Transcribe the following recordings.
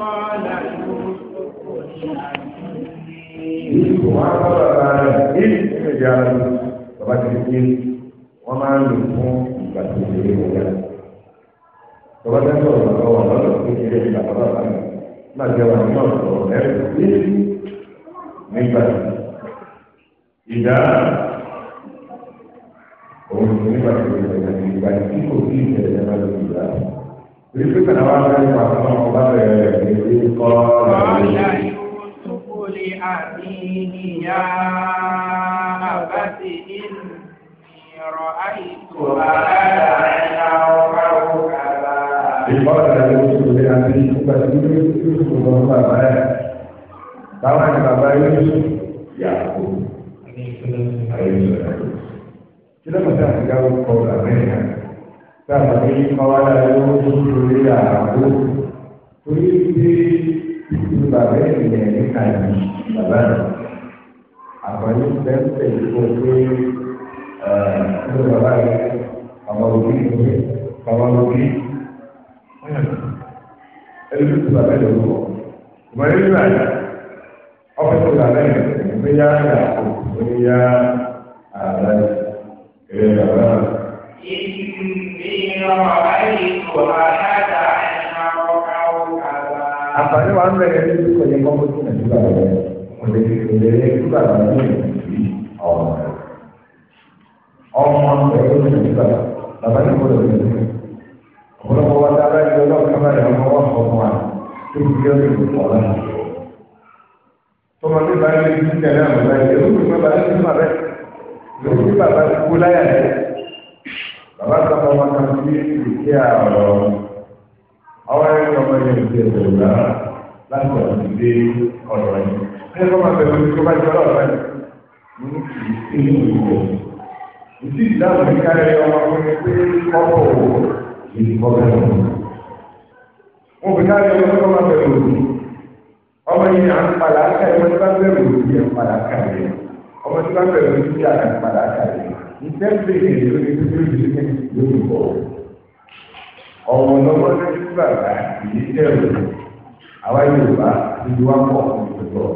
Bàbá ti di pé wọ́n máa ń lò fún ìgbà tó ti rí wọn yá. Bàbá ti sọ̀rọ̀ bàbá wọn lọ́dọ̀ tó ti rí ìgbà bàbá bá mi. Má jẹ́ wọn ní ọ̀sọ̀ ẹ̀rù sí nígbà ìdá òun nígbà tó ti rí wọn Ìgbà tí kò sí ìṣẹ̀lẹ̀ náà ló ti Èyí tó kàn wá fẹ́ pa àwọn ọba rẹ̀ ní orí kọ́ ọ̀la yóò tó kó lè àbí ìyá àbáṣe ìlú ìrọ̀ àìsò àárá ẹ̀yà ọba òkà bá. Ìbọ̀dà yóò tó lè àbí ìgbà tí yóò tó lọ bàbá ẹ̀. Táwọn àti bàbá yóò tó yà kó. Kí ló mọ̀ sí àtìgáwó kọ́ ọ̀la mẹ́rin náà? tàbí kọ́wálá yóò tún lórí àbò torí pé ìlú bàbá ènìyàn níta ní bàbá rẹ̀ àbọ̀yé pẹ́ńpẹ́ ìfọ̀ pé ìlú bàbá rẹ̀ ọmọ òbí ìwé ọmọ òbí ẹlú tó bàbá rẹ̀ wọ̀ ìmọ̀ nínú àyà ọkọ̀ tó bàbá rẹ̀ ìgbéyà àyà òkú ìgbéyà àbá rẹ̀ bàbá rẹ̀ àǹfààní wa ń bẹ̀rẹ̀ ní ìdíkọ̀ yẹn kọ́kọ́ sí nàìjíríà rẹ̀ kò lè kò lè ní ìdí ọ̀rọ̀ rẹ̀ ọmọ ẹ̀rọ ní nàìjíríà bàbá ní kọ́lọ̀ ní ọ̀pọ̀lọpọ̀ wa dá láti ọlọ́run ká bá yẹn ọmọ ọmọ wa tó ti yọ ní ọ̀rọ̀ rẹ̀ tọmọ bá yẹ kí kẹlẹ́ bàbá sọmọ wọn kan sí ìdíkẹ́ àrọ̀ ọwọ́ ẹni ọmọ yẹn ti ẹ̀sẹ̀ wùdá láti ọ̀dọ̀ ìdè ọ̀rọ̀ yẹn. ẹni kọ́ máa bẹ̀rù tó bá jẹ́ ọ̀rọ̀ rẹ̀ ní ìlú ìwò. ìdí ìdáhùn ní káyọ̀ ọmọkùnrin pé kọ́kọ́ òwò ìdí kọ́kọ́ òwò. wọn fi káyọ̀ ọmọ tó máa bẹ̀rù òbí. ọmọ yẹn à ń padà káyọ̀ ọmọ tó bá bẹ̀rù òbí ẹ̀ padà káyọ̀ ọmọ tó bá bẹ̀rù òbí ìtẹ́sí ìrìn lórí pípé ìdílé lórí bọ̀. ọ̀wọ̀ lọ́wọ́ ní bàbá ìdí tẹ̀lé àwa Yorùbá ìdí wa pọ̀ ìtọ́jọ́.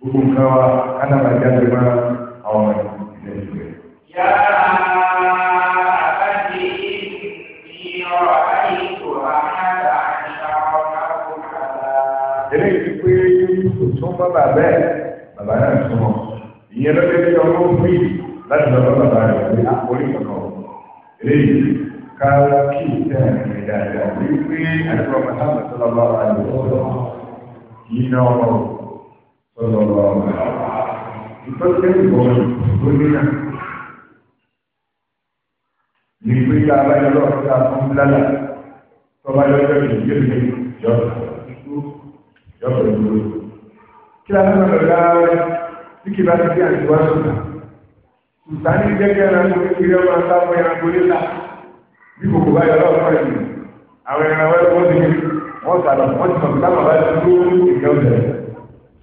gbogbo nǹkan wa kánábàjá ti máa àwọn ìtẹ́sí rẹ̀. yàrá. eléyìí pé tó bá bàbá ẹ bàbá náà tó wọn ìyẹn ló lé ọmọ fún yìí láti lọ́wọ́ bàbá rẹ̀ pé àkórí ah, kankan eléyìí ká kí ìtẹ́ ẹ̀rìn dáadáa wípé àdúrà mọ́tàmọ́ tó lọ́wọ́ bàbá rẹ̀ lọ́wọ́ kì í ná ọmọ tó lọ́wọ́ bàbá rẹ̀. ìtọ́jú ìbọn tó ní náà ní pé ká bá yọ lọ́wọ́ ká fún lálà tó bá yọ lọ́wọ́ kì í yé mi yọ yọ pẹ̀lú kí lásán lọ́wọ́ tí kì bá ti dé àjùwá sọ̀tà sùtà ní gẹ́gẹ́ ẹranko kékeré ọmọ ọ̀tá fún ẹranko nílà bí kòkò bá yọ lọ́wọ́ fún ẹ̀yìn àwọn ẹranko ẹ̀rọ wọ́n ti kiri wọ́n sàlọ̀ wọ́n ti sọ̀tà bàbá ti tó ìgbà ọ̀tẹ̀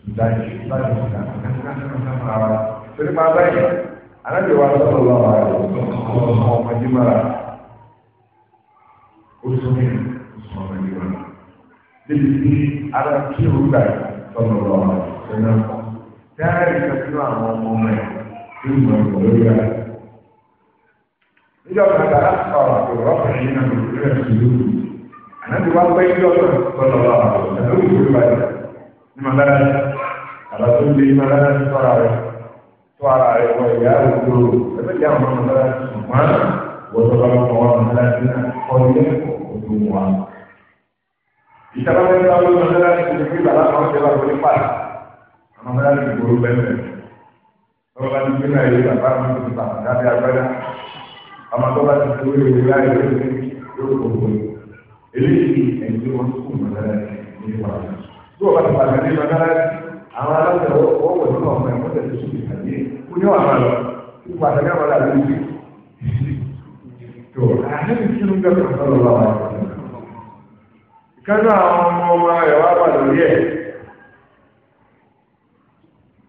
sùtà ní sùtà ní sùtà torí máa báyìí aláǹdè wa sọ̀rọ̀ lọ́wọ́ ọmọdé mara ó sọ mí sọ ọmọdé mara débi tí ara kí òwúrọ̀ sọ̀rọ̀ lọ́wọ́ ọmọdé mara dáàrí ìtọ́jú àwọn ọmọ rẹ̀ tí mo mọ̀ lórí rẹ̀. Níjọ́ kàtà ọ̀rọ̀ ọ̀rọ̀ ọ̀rẹ́ náà ló rẹ̀ sí lóru. Ànábi wá pé níjọ́ kan tọ́lọ̀ wà lọ́wọ́ ìlú Ìbàdàn. Ní màá dára àlọ́ tó lé màá dára sí tọ́ra rẹ̀. Tó ara rẹ̀ wọ ìyá òdo ẹgbẹ́ ìyá àwọn ọmọ dára sí ṣùgbọ́n wọ́n tó bá lọ́wọ́ wọn dára sí náà kọ́ ilé òdo wọn. Ìjọba ń bá wọn dára sí ìgbà láwọn ọ̀sẹ̀ ọmọ náà lè gbòòrò bẹ́ẹ̀ lọ́wọ́ bá ti gbé náà yé bàbá àwọn tó ti bà lábẹ́ agbádá ọmọ tó bá ti gbé wéwèé láyé ló ti yóò kó wé eléyìí ẹni ba wọn kú mọ̀ lára ní ìwà rẹ̀ tó o bá ti pàṣẹ ní ìwà rẹ̀ àwọn aláṣẹ ọwọ́ wẹ̀ lọ́wọ́ ọmọ ẹ̀kọ́ tẹ̀sí sí ìtàgé kú ní wàhálà lọ kí pàṣẹ ní àwọn aláṣẹ ìwé tó àṣẹ ìṣinú gẹ́gẹ́ kọ́ lọ́wọ́ àwọn ìkànnì àwọn ọmọ ẹ̀wà pàdé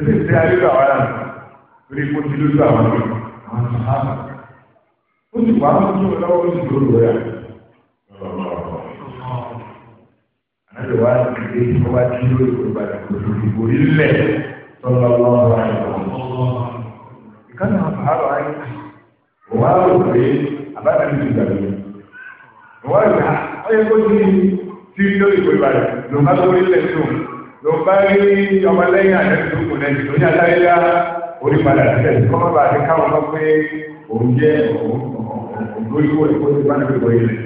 ebi ìṣe ayélu àwọn ará torí kó ti lójú àwọn ọmọ àwọn sàhábà ó sì wá fún yóò lọ́wọ́ ó sì lóru rẹ̀ àlọ́ wa ti dé kó wá tí yóò lóru bàtà kó lóru ìbò ilẹ̀ tọ́lọ́ lọ́wọ́ rẹ̀ ìkànnì àwọn sàhábà ayé òwò àwọn òwe àbájáde ti gbàgbé òwò àgbà ó yẹ kó ti ti lórí ìbò ìbàdàn lòmá lórí ilẹ̀ tó ló bá rí ọmọlẹ́yìn àdẹ́sùkù lẹ́yìn tó ní aláyá orí padà sílẹ̀ kọ́ má bàa ti káwọn lọ pé òun jẹ́ olóyún òyìnbó ti bá nàbí wọ̀nyí rẹ̀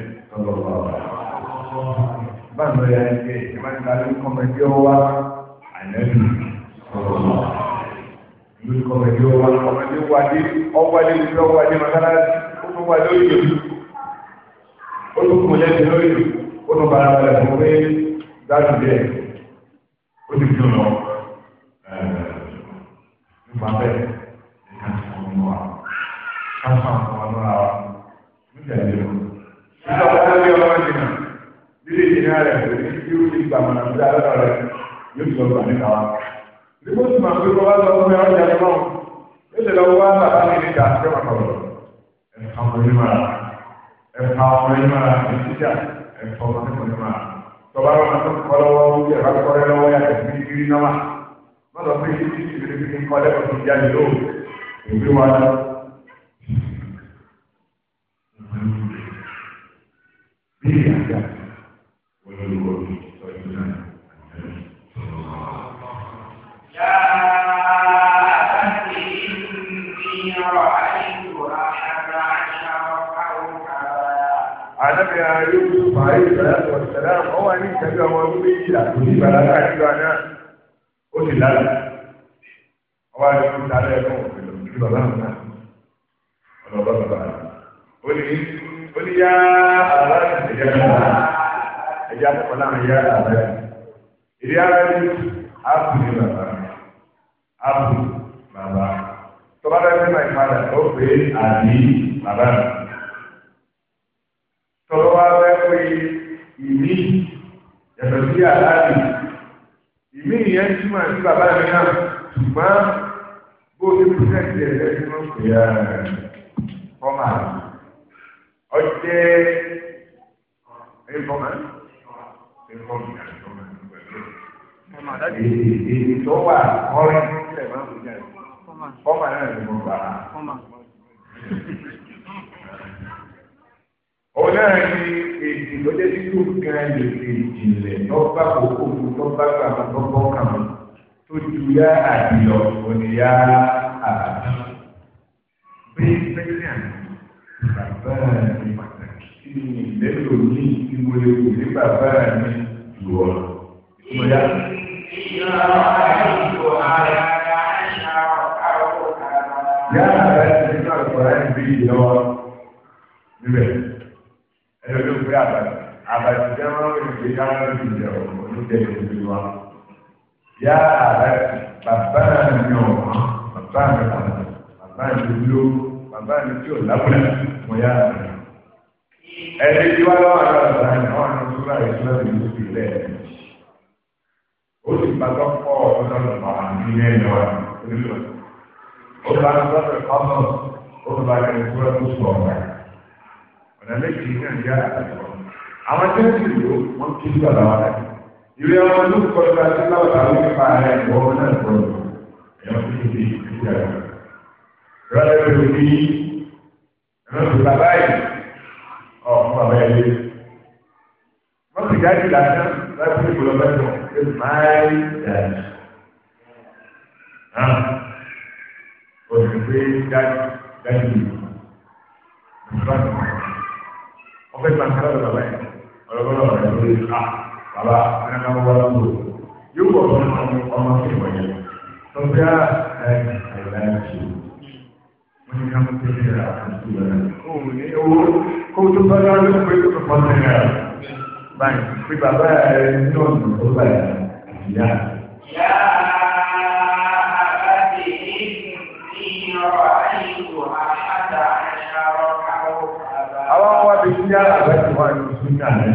báwo ya ṣe ìmọ̀ta ló kọ́mọdé ọwá ànẹ́bí ló kọ́mọdé ọwá kọ́mọdé wádé ọwádé lórí ọwádé mọ́sálásí ó tún wádé òye ó tún kún lẹ́sìn lórí ó tún bàrà balẹ̀ fún pé dájú bẹ́ẹ̀ ó ti dùn lọ nípa bẹ́ẹ̀ ní ká sọ wọn wá ká sọ àwọn ọmọ náà wá níjà ìlú nígbà wọn lé ọmọ jìnnà lílé jìnnà rẹ lórí tí ó ti gbà mọ̀nà sí alára rẹ yóò ti lọ gbà níta wá. Ìgbó tí màá fi kọ́ wá lọ fún ẹ ọjà ní náà ó lè lọ wá bàbá mi níta àti ọmọ kọ̀ọ̀rọ̀ ẹ̀ka ọmọ yìí máa ẹ̀ka ọmọ yìí máa ẹ̀ka ọmọ yìí máa tọba wọn tó kọlọwọ oúnjẹ bá kọrẹ lọ́wọ́ yàtọ̀ kirikiri náà má lọ pé kí kí kirikiri kọlẹ ọtún jáde ló èmi wọn lọ. bí ìyàgbá olórí wo ìtọ́jú náà. àmì ayé oṣù fàáyé ìbàdàn tó ṣẹlẹ̀ àwọn wà ní ìtẹ́jú àwọn ọdún méjìlá tó ti ìbàdàn àjọ àná ó sì lálẹ́ ọwọ́ àti ìlú sálẹ̀ ẹ̀kọ́ òkèlè òkèlè bàbá àná ọ̀nà ọba bàbá àná ó ní ó ní yá àlá ìṣẹ̀jẹ̀ náà ẹ̀jẹ̀ àkọ́kọ́ náà yá àlá ìdí ara ẹni àpù ní bàbá àpù bàbá tọ́ba bẹ́ẹ̀ fẹ́ máa ìpadà ó pé àbí bàbá mi. ìmí yàtọ̀ sí àlàáfì ìmí ìyẹn túmọ̀ sí bàbá mi náà ṣùgbọ́n bó o ti kú sẹ́ǹtì ẹ̀ lẹ́sìn ló pè é fọ́mà ọjẹ́ ẹ̀fọ́mà ẹ̀fọ́mà fọ́mà èyí tó wà ọ̀rẹ́ fọ́mà náà ló mọ̀ bàbá fọ́mà. ọlọ́ọ̀ni èdè lọ́jọ́ tí yóò kan lè fi ìjìnlẹ̀ lọ́gbà kókó mu tó ju yá àdìyọ òníyá àbàdà bẹ́ẹ̀ bẹ́ẹ̀ àná bàbá mi mi lẹ́lò ní ìwé òní bàbá mi ẹ̀rọ ló gbé àbàtì àbàtì jẹ́ wọ́n ń gbé káwọn ti jẹ ọ̀rọ̀ ní tẹ̀lé ìlú wa. Yá àbàtì bàbá mi ọ̀hún bàbá mi pàtàkì bàbá mi ló bàbá mi tí ò lábúlẹ̀ mo yá àbàtì. Ẹni tí wọ́n lọ́wọ́ àlọ́ àgbà ni wọ́n á tún láyé tí wọ́n ti lù sí ilẹ̀. Ó sì gbàgbọ́ pọ̀ ọ̀dọ́ lọ́wọ́ àmì ní ẹ̀yọ́ wa ó bá ń sọ́dọ̀ kọ́mọ̀ ó bá ń sọ́dọ̀ kọ́mọ̀ ọ̀nà méjì ní nàìjíríà àtàkùn àwọn tí wọ́n ti lò wọ́n ti lù ọ̀la wa láti ìwé ọmọ tó kọ́ ló ti lọ́wọ́ bá wí pa ẹ̀ wọ́ náà kọ́ lọ ẹ̀yọ́ fi ti di ìdíjà di ẹ̀rọ tó bàbá yìí ọ̀ ọ̀fẹ́ gbàǹkárà lọ bàbá yẹn ọ̀rọ̀gbọ́n ọ̀rẹ́ lórí ká bàbá ẹ̀rọ wà lóko yóò wọ̀ fún ọmọ ọmọ sí ìwọ̀ yẹn tó bí a ẹ̀ ẹ̀rọ ẹ̀ ṣe wọ́n ní káwọn tó ní ra àtúntò rẹ̀ òun ní owó kó tó bá dáa ló pé tó pọ̀ sí rẹ̀ báyìí pé bàbá ẹ̀ ní ọ̀nà tó bá yà ìyá. Yá àbájáde ní ìrọ̀ àyíkò àṣàdà àṣàrọ̀ àwọn àwọn wá bí sí àlàbẹ́ tí wọ́n ní sí ní àlẹ́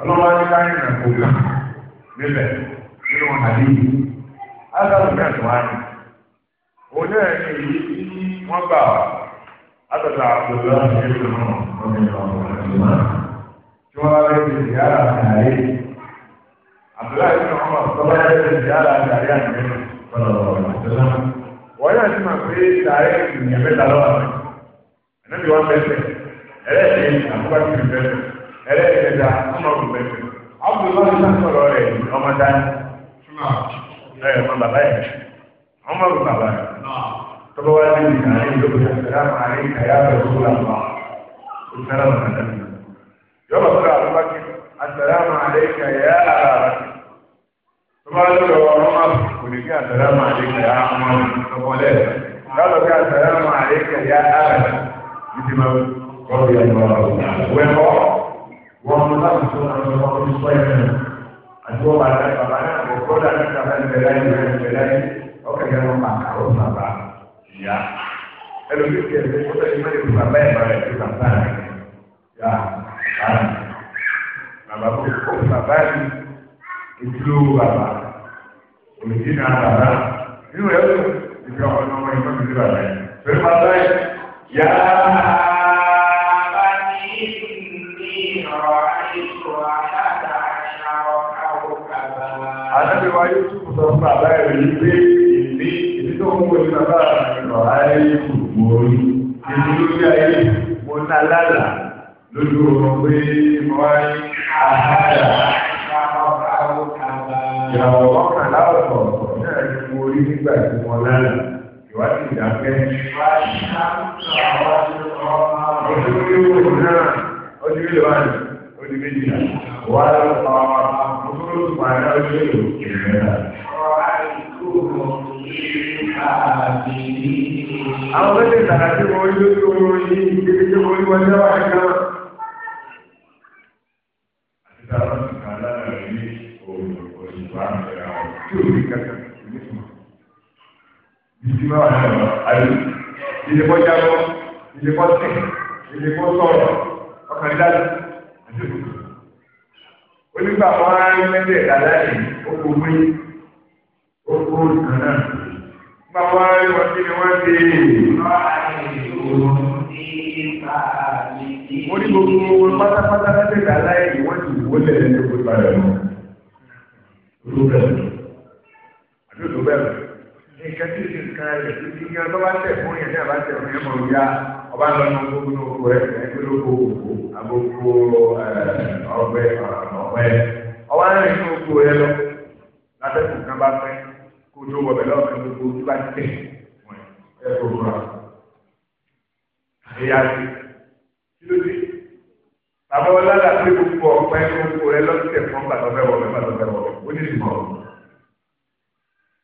ọlọ́wọ́ ní káyọ̀ nà kó gbà níbẹ̀ nínú wọn àbí yìí ásàlù náà tó wá ní. òun náà èyí tí wọ́n gbà wá àtàtà na láti ṣe é lọ́wọ́ ọmọ náà tí wọ́n bá ṣe ọmọ ṣe wọ́n pé ẹnẹbi wọn bẹsẹ ẹlẹsìn àbúkàtì bẹsẹ ẹlẹsìn ẹdá ọmọ ọdún bẹsẹ abudulayi wọn ti sọ̀rọ̀ rẹ ọmọ dání ẹ ọmọ bàbá yẹ ọmọ ọdún bàbá yẹ tọba wa ní ìlú náà ní ìlú sàlámù àní kàyà bẹ tó la mọ o sàlámù àná mi yọba sọ̀rọ̀ àbúkàtì asàlámù àní kàyà tọba wa lọ ọmọ kò ní kí asàlámù àní kàyà ọmọ mi tọkọ lẹ lọ́dọ̀ kí asàlámù àní kàyà ara ìdìbò ọ̀rọ̀ yẹn lọ wẹ̀kọ́ wọn mú láti tó wọn lọ wọn sọ yẹn nù àti wọn bá dá bàbá náà kò kọ́dà ní bàbá ní bẹ̀rẹ̀ ayé rẹ̀ bẹ̀rẹ̀ ayé ọkẹ́ yẹn wọn bá kàwọ́ bàbá ìyá ẹlòmíì kẹ̀ ẹ̀ ó tẹ̀lé mẹ́rin fún bàbá ẹ̀ bàbá ẹ̀ fún bàbá ẹ̀ yá bàbá kò kó bàbá ẹ̀ ìdúró bàbá òyìnbí náà bàbá nínú ẹ̀ ó ìgbà ọ̀nà ọmọ ìgbà يا àdábì wa yóò tún sọ fún bàbá rẹ̀ yìí pé ìdí ìdí tó ń wọlé bàbá rẹ̀ lọ ayé gbogbo orí ìdí lórí ayé mo ná lálà lójú ọ̀rọ̀ pé mo wá ní àhádà ìyàwó ọkàn láwọ̀ ọ̀pọ̀ náà ni mo rí nígbà tí mo lálà ìwádìí ìdáfẹ́. ojú wíwò náà ojú wíwò wà ní ojú méjìlá wà lọ́wọ́ ojú wíwò wà ní ojú wíwò ìrẹ́lá. àwọn méjì tàbí tí mo rí lójú oorun yìí kébí tí mo rí wọn jẹ́ wáyé kan. àti tàbí tí mo rí lójú oorun yìí òòrùn òṣùpá ìràwọ̀ tí ò ní kankan ìdí máa wà lọ àyè ilé kọ́ jábọ́ ilé kọ́ tẹ̀ ilé kọ́ sọ̀rọ̀ ọkàn ìdájọ́ àdúgbò. onígbà wọn á rí mẹ́tẹ̀ ìdájọ́ yìí ó kó wí ó kó kan náà. nígbà wọn á rí wọn kí ni wọ́n ṣe é. mo ní gbogbo wọn pátápátá mẹ́tẹ̀ ìdájọ́ yìí wọ́n ti wọlé ẹni tó kó balẹ̀ mọ́. olú bẹ̀rẹ̀ àdúgbò bẹ̀rẹ̀ nǹkan tí ìsìn kan rẹ̀ títí kí ọtọ́ bá tẹ̀ fún yẹn náà bá tẹ̀ fún yẹn mọ̀ ya ọba lọ ní ọgbó ní oko ẹ ẹgbẹ́ lóko òkú agbóko ọgbẹ ọgbẹ ọba náà ní oko ẹ lọ látẹ̀kùn kan bá fẹ́ kó tó wọ̀ bẹ̀ lọ́ọ̀kan gbogbo tó bá tẹ̀ ẹ kó rà ẹ̀yà rẹ̀ kí ló dé bàbá ọlọ́dà pé gbogbo ọ̀pẹ́ gbogbo ẹ lọ́sẹ̀ fún bàtọ́fẹ́ wọ̀ bẹ̀ bàtọ́fẹ́ wọ̀ bẹ̀ ó ní ìmọ̀ ọ̀rọ̀.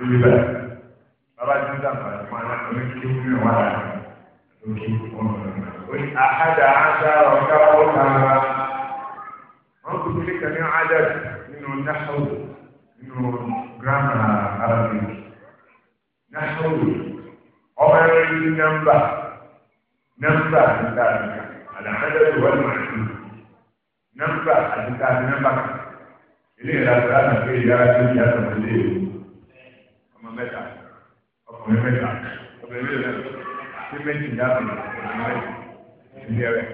lórí bẹ́ẹ̀ bàbá tí ń dàgbà ní wọn náà lórí kí wọn náà wà láàyè lórí wọn náà ó ní àhádà àṣà ọ̀gá ọ̀gá wọn kò tún lè kàn ní àhádà nínú náhàwù nínú gírámà arabic náhàwù ọmọ ẹ̀rọ ní nọ́mbà nọ́mbà nígbà nígbà àdàmẹ́lẹ́ tó wọ́n máa ń nọ́mbà àti nọ́mbà ilé ìlànà láti fi ìyára tó yàtọ̀ sílé ìlú mẹ́ta ọkùnrin mẹ́ta obìnrin mẹ́ta tí méjì dáàbò ọkùnrin mẹ́ta ìdí ẹ̀rẹ́.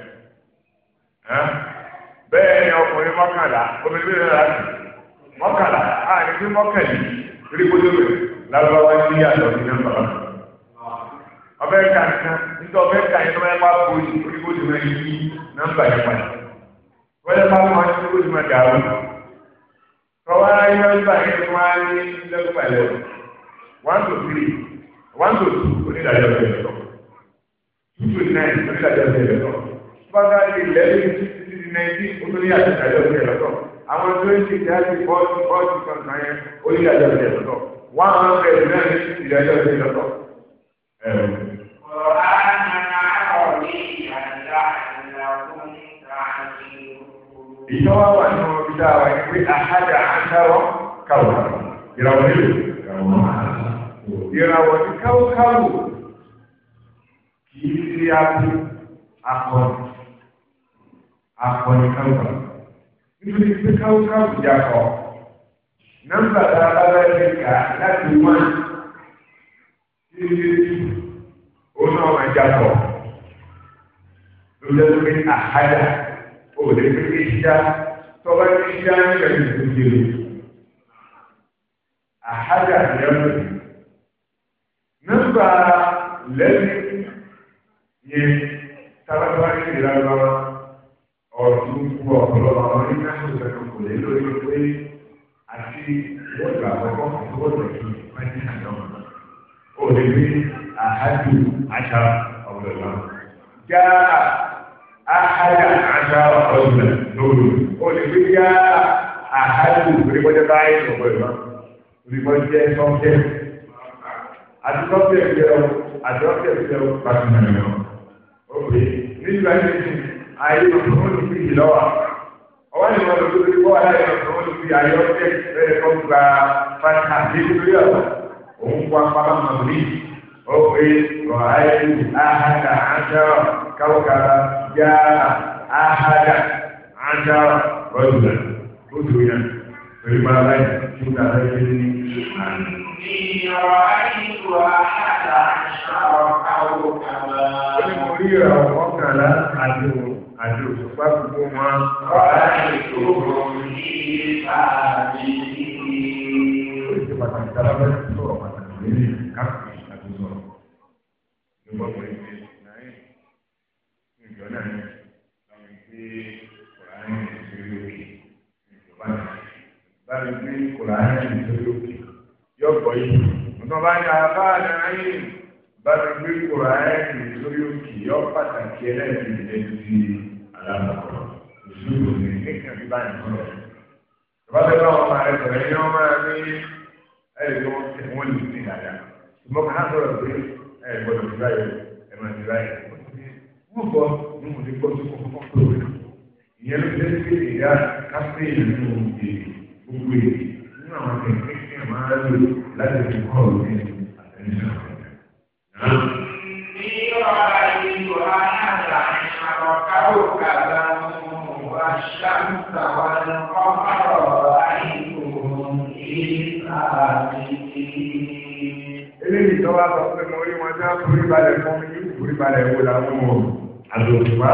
bẹ́ẹ̀ ni ọkùnrin mọ́kànlá obìnrin mẹ́ta láti mọ́kànlá àní tí mọ́kànlí rí kótó rẹ̀ lábáwá ní yàtọ̀ ní nọ́mbà ọbẹ̀ ká nìkan nítorí ọbẹ̀ ká yẹn lọ́wọ́ ẹ máa bo orí kótó rẹ̀ yí nọ́mbà yẹn padà wọ́n lè máa mọ ní kótó rẹ̀ dàrú. Kọ̀wá yẹn nọ́mbà yẹn wá ní lọ́gbàlẹ̀ o one to three one to two onídàájọ́ bẹ́ẹ̀ lọ́tọ̀ two to nine onídàájọ́ bẹ́ẹ̀ lọ́tọ̀ fúnpá ti eleven títí di nineteen onídàájọ́ ìdájọ́ bẹ́ẹ̀ lọ́tọ̀ àwọn twenty thirty forty forty kankan yẹn onídàájọ́ bẹ́ẹ̀ lọ́tọ̀ one hundred náà ní ìdájọ́ bẹ́ẹ̀ lọ́tọ̀. Ìjọba wà nínú ibi dáa wáyé pé àhájà àṣà rọ̀ kàwé. Ìràwọ̀ nílò. Ìràwọ̀ nílò ìràwọ̀ ní káwọ́káwọ́ kìí ṣe abú akọni akọni káwọ́káwọ́ nítorí pé káwọ́káwọ́ yà kọ́ nọ́mbà tá a bá bẹ́ẹ̀ kà láti wọ́n tí ó náà máa jà kọ́ lójó pé àhádà ò lè pé kí ṣíṣá tọ́ba ní ṣíṣá ń ṣẹ̀lẹ̀ tó jẹ́ àhádà ìyẹ́wò nígbà lẹ́yìn yẹ tábàtàbà ní ìlà lọ ọ̀dún kú ọ̀pọ̀lọpọ̀ àwọn oníkà ìṣòro kò lè lórí pé àti ìwọ́dà àkọ́kọ́ àti ìwọ́dà kí wájú àdán ó lè rí àhájú àṣà ọ̀gbẹ̀lá. Já àhájà àṣà ọ̀gbẹ̀lá lóru ó lè rí já àhájú orí bọ́jọ́ báyìí ọ̀gbẹ̀lá orí bọ́jọ́ sọ́kẹ́ àdúgbò ẹgbẹ́ ọ àdúgbò ẹgbẹ́ ọ pàtó nàìjíríà ó pè é nígbà yìí ayé ọ̀sán ló fi yìí lọ́wọ́ ọwọ́ ni wọn lọ sí kó aláyé ọ̀sán ló fi ayé ọ̀sẹ̀ ẹ̀ kọ́ gba fata nítorí ọ̀sán òun kó apábá mọ̀ mí ó pè é rọ̀ ayé ahada àjọrọ̀ káwọ́kàrà yá ahada àjọrọ̀ rọ̀jùlá ó dùn yẹn pẹ̀lú bàbá yìí. تلك الرجل إني رأيت أحد عشر كوكبا المرير وكلا عدو عدو فكما رأيتهم في Thank you. láti gbé kùránì lórí òkè yọ̀pọ̀ yìí nǹkan bá ní abá àdáyé láti gbé kùránì lórí òkè yọ̀ pàtàkì ẹlẹ́sìn ẹ̀sìn alábàkọ̀ ìṣúlù ní nìkan bí báyìí sọ̀rọ̀ ìbáṣẹ́ bá wọn máa sọ̀rọ̀ ẹ̀yìn wọn máa ní ẹ̀rí wọn tẹ̀ wọ́n lè ní ìdájà ṣùgbọ́n ká sọ̀rọ̀ pé ẹ̀ gbọ́dọ̀ ti báyìí ẹ̀ máa ti báyìí wọ́n bọ̀ ní mo ti gbọ́ tó kọ́kọ́ pé ìyẹn ló dé sí ìyá káfíìn nínú ìdè gbogbo èdè nínú àwọn kẹ̀kẹ́ kí ẹ̀ máa lò láti fi kọ́ ọ̀rọ̀ ní àtẹnusọ. Ní ọ̀rá ìlú Anáàlá, àwọn káwò kàlá mú wa ṣáàtà wa ní ọ̀pọ̀lọpọ̀ àìkú ìlàjì. Eléyìí tó wá sọ pé mo rí wọn tí forí balẹ̀ fún mi, yóò forí balẹ̀ wò láwọn o. Àdòtúmá,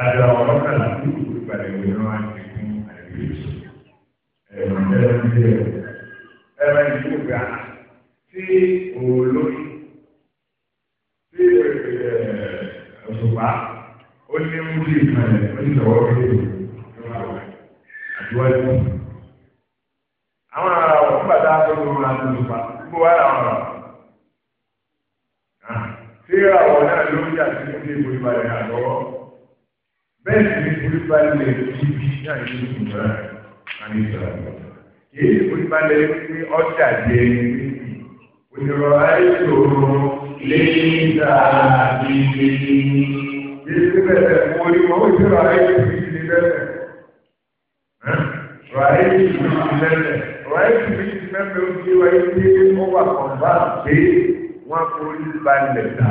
àdòwọ̀ ọlọ́kàlà yóò forí balẹ̀ wò ní wọn á ti fún àìkú ìṣòro ẹ̀rọ ìlú ga tí olórí tí òṣùpá ó ní múlí ìkànnì oníṣòwò kéde àdúrà àwọn ará wọn nígbà a tó lóru àti òṣùpá gbogbo wa làwọn ará tí àwọn náà ló ń jà sí ní ìlú ìbàdàn àgọ́wọ́ lè fi bí náà yé ìlú ìbàdàn. Èyí ìwé balẹ̀ wípé ọjà jẹ ìwé òyìnbó ayélujára lẹ́yìn dàbí. Èyí bẹ̀rẹ̀ mo rí wọn wípé ayélujára ti di bẹ́ẹ̀. Ràyè ti di bẹ́ẹ̀. Ràyè ti di bẹ́ẹ̀ ó di wáyé pé ó wà kọ̀ọ̀bá pé wọ́n forí balẹ̀ dà.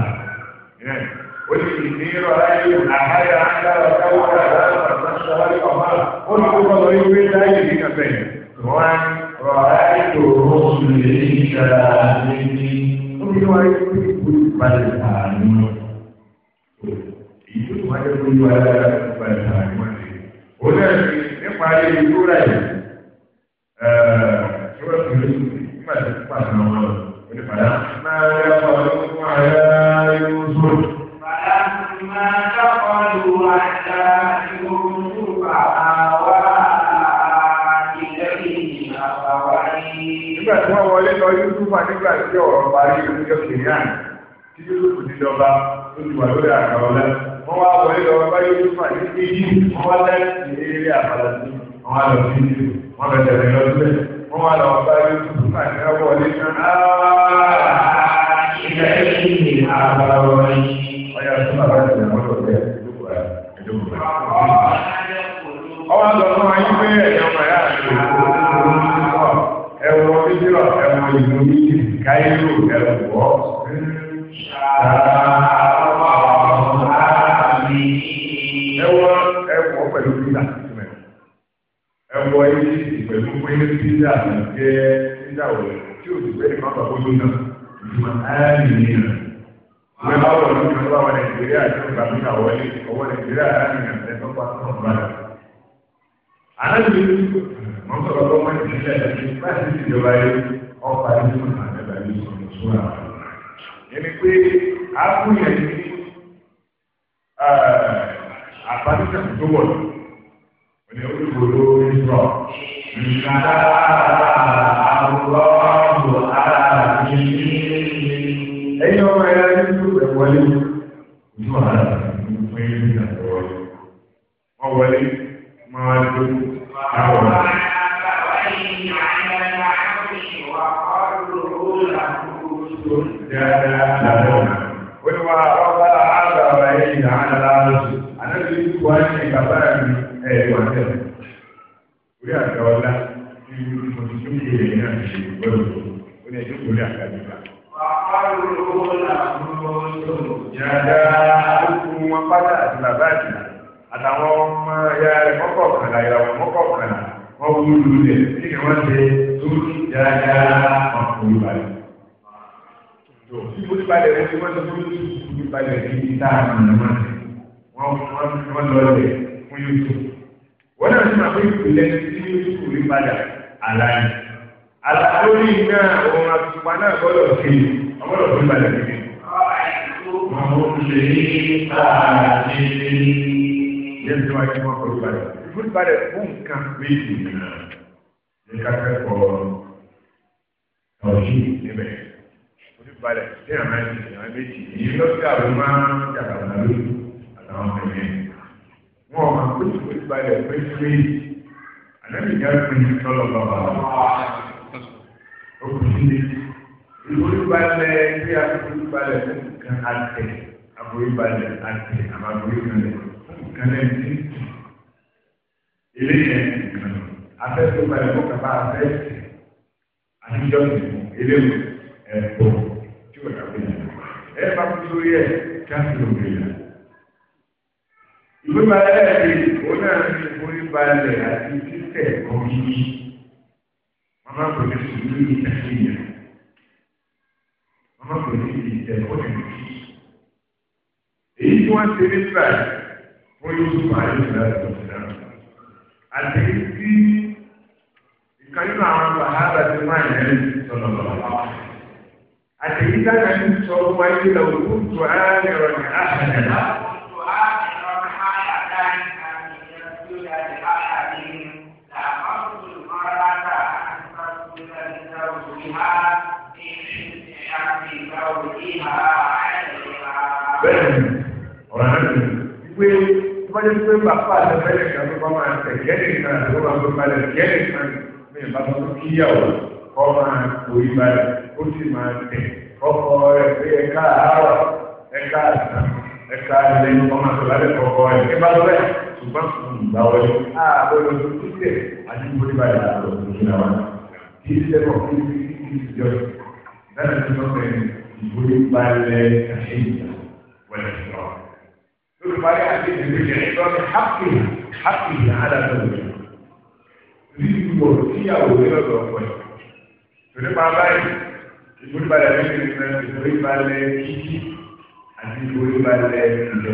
والكثير أي أحد عشر كوكبا فاستشهد قمرا قل هو ضيف أي بكفين وأن رأيت رسلي شاهدين قل هو يكتب بالهان ìlú wáyé ló yọ alára nípa ìlà ìwádìí ó náà ní nípa ayé ìlúra yìí ṣé wọ́n ti rí nípa ìlú pàṣẹ àwọn onípadà máa ń rẹ́ ọmọ ọdún fún ara. wà nígbà tí ọ̀rọ̀ parí ìgbẹ́jọ́ kìíyàn tí yóò tó ti wà lórí àgbà ọ̀lẹ́ wọ́n wá wọlé lọ́wọ́ bá yóò fà ní kéjì wọ́n wá láti eré àbàlà sí wọ́n wá lọ sí ìlú wọ́n lọ tẹ̀lé lọ sílẹ̀ wọ́n wá lọ́wọ́ bá yóò fà ní ọwọ́ ọ̀lẹ́ ilẹ̀ ìlú àbàlà ọ̀lẹ́ ọ̀yà tó bàbá ìlú ọ̀lẹ́ ọ̀lẹ́ ọ̀lẹ́ ọ̀lẹ́ ọ̀lẹ́ ọ̀lẹ́ ọ̀lẹ́ خير الوقت إن شاء الله آمين ẹwọ ẹwọ pẹ̀lú pẹ̀lú pé pizza jẹ pizza wọlé tí o ti pẹ ní kọfà àti yẹn tí wọ́n ti wọ́n kọ́ balẹ̀ ìfún balẹ̀ fún nǹkan méjì náà ní kákẹ́kọ̀ọ́ ọ̀ṣì níbẹ̀ ìfún balẹ̀ tí àwọn ẹni àwọn méjì èyí ló sí àwọn máa ń yàrá lórí àtàwọn ọmọdé wọn máa pé ìfún balẹ̀ pé pé àlẹ́bí ìjà pé ní tọ́lọ̀ bàbá ó kù sí ilé ìfún balẹ̀ pé àti ìfún balẹ̀ fún nǹkan àtẹ̀ àforíbalẹ̀ àti àbáforíbalẹ̀ nǹkan náà ti ń tì. Ilé yẹn nìkan afẹ́fẹ́ balẹ̀ kó kaba afẹ́ tì àtijọ́ tì mú eléwu ẹ̀kọ́ tí o dàgbé yẹn. Ẹ bá kú sórí ẹ̀ káfí òkè yẹn. Ìwé balẹ̀ ẹ̀rí òun náà ní ìforíbalẹ̀ àti títẹ̀ ọ̀gbìn. Màmá kò ní sùn ní ìtàkì yẹn. Màmá kò ní ìtẹ̀kọ́ yẹn. èyí tí wọ́n ti rí nígbà fún Yusuf àyẹ̀sẹ̀ ọ̀sẹ̀ àti tí ìkan nínú àwọn sàhárà ti máa yẹn sọ̀nà lọ́wọ́ àti ìdáná ti sọ wáyé lọ́wọ́ tó ààrẹ ọ̀nà àhàlẹ́ ọ̀rọ̀ àti wípé wọ́n ti pé bàbá àtẹ̀fẹ́lẹ̀ kan tó bá máa tẹ̀ gẹ́gẹ́ kan àti wọ́n máa tó balẹ̀ gẹ́gẹ́ kan mi ì bá tó kíyàwó kọ́ máa torí balẹ̀ ó sì máa tẹ̀ kọ́kọ́ rẹ̀ pé ẹ̀ka àárọ̀ ẹ̀ka àtàn ẹ̀ka ilẹ̀ ọmọ àtọ̀lálẹ̀ kọ́kọ́ ẹ̀ ní balẹ̀ ṣùgbọ́n ìgbà wọlé àbọ̀lọ̀ tó ti tẹ̀ àti torí balẹ̀ àtọ̀ kì í sẹ́kọ̀ọ́ kí ní kí ní jọ láti fi lọ́kẹ́ ìgbóni balẹ̀ àṣẹ ìjà wọlé ìjọba lórí parí àdéhùn méjì rẹ̀ lọ́dún hápì hápì àdàtọ̀ rẹ̀ lílo tíyàwó rẹ̀ lọ́dọ̀ ọ̀pọ̀ yìí. Tòní máa báyìí ìgbóni balẹ̀ méjì rẹ̀ ìgbóni balẹ̀ kíkí àti ìgbóni balẹ̀ ìlọ.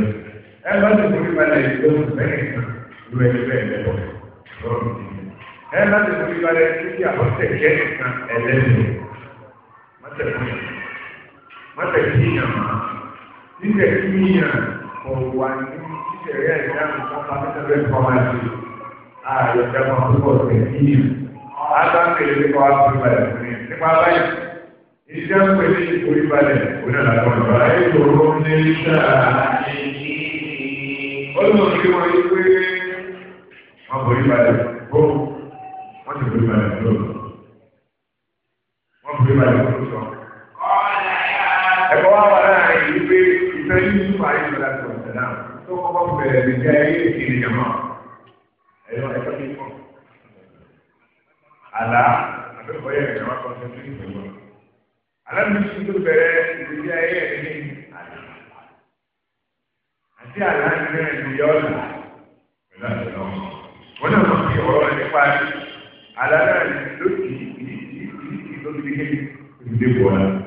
Ẹ bá ti ìgbóni balẹ̀ ìlọ bẹ́ẹ̀ lu ẹni bẹ́ẹ̀ lẹ́bọ̀ lọ́rùn ti mi. Ẹ bá ti ìgbóni balẹ̀ kíkí àbọ̀tẹ̀ kẹ́ kí yàn yàn wà ní ìṣẹ̀rí ẹ̀dá nǹkan pàtẹ́tẹ̀lẹ́ kọ́má sí i. Ààrẹ ìjọba púpọ̀ rẹ̀ níyì. Agbáńkèlè nípa àpòrìbalẹ̀ fún yẹn. Nípa báyìí, ìjọ ń pèlè ìforíbalẹ̀ onílàgbọ̀nà ìṣòro ní sàáyé. Ó lọ sí wọn pé wọ́n foríbalẹ̀ bó wọ́n ti foríbalẹ̀ bó. Wọ́n foríbalẹ̀ bó sọ. Ẹ̀kọ́ wa wà láàrin ìlú pé ìfẹ́ yìí ń fa ìgbàlá náà tó kọ́kọ́ bẹ̀rẹ̀ ní jẹ́ ayé ìkíni jẹ̀mọ́ ẹ̀yọ́ ẹ̀kọ́ ní kọ́. Àlá àbẹ̀kọ́ yẹ̀ ẹ̀yọ́ kọ́ sí ní ìgbìmọ̀. Alábìsí tó bẹ̀rẹ̀ ní jẹ́ ayé ìkíni àlá. Àti àlá ní bẹ̀rẹ̀ ní yọ ọ̀là pẹ̀lú àtẹ̀lọ́. Wọ́n náà mọ̀ sí ọ̀rọ̀ nípa àlá náà lókì ìdí ìdí ìdí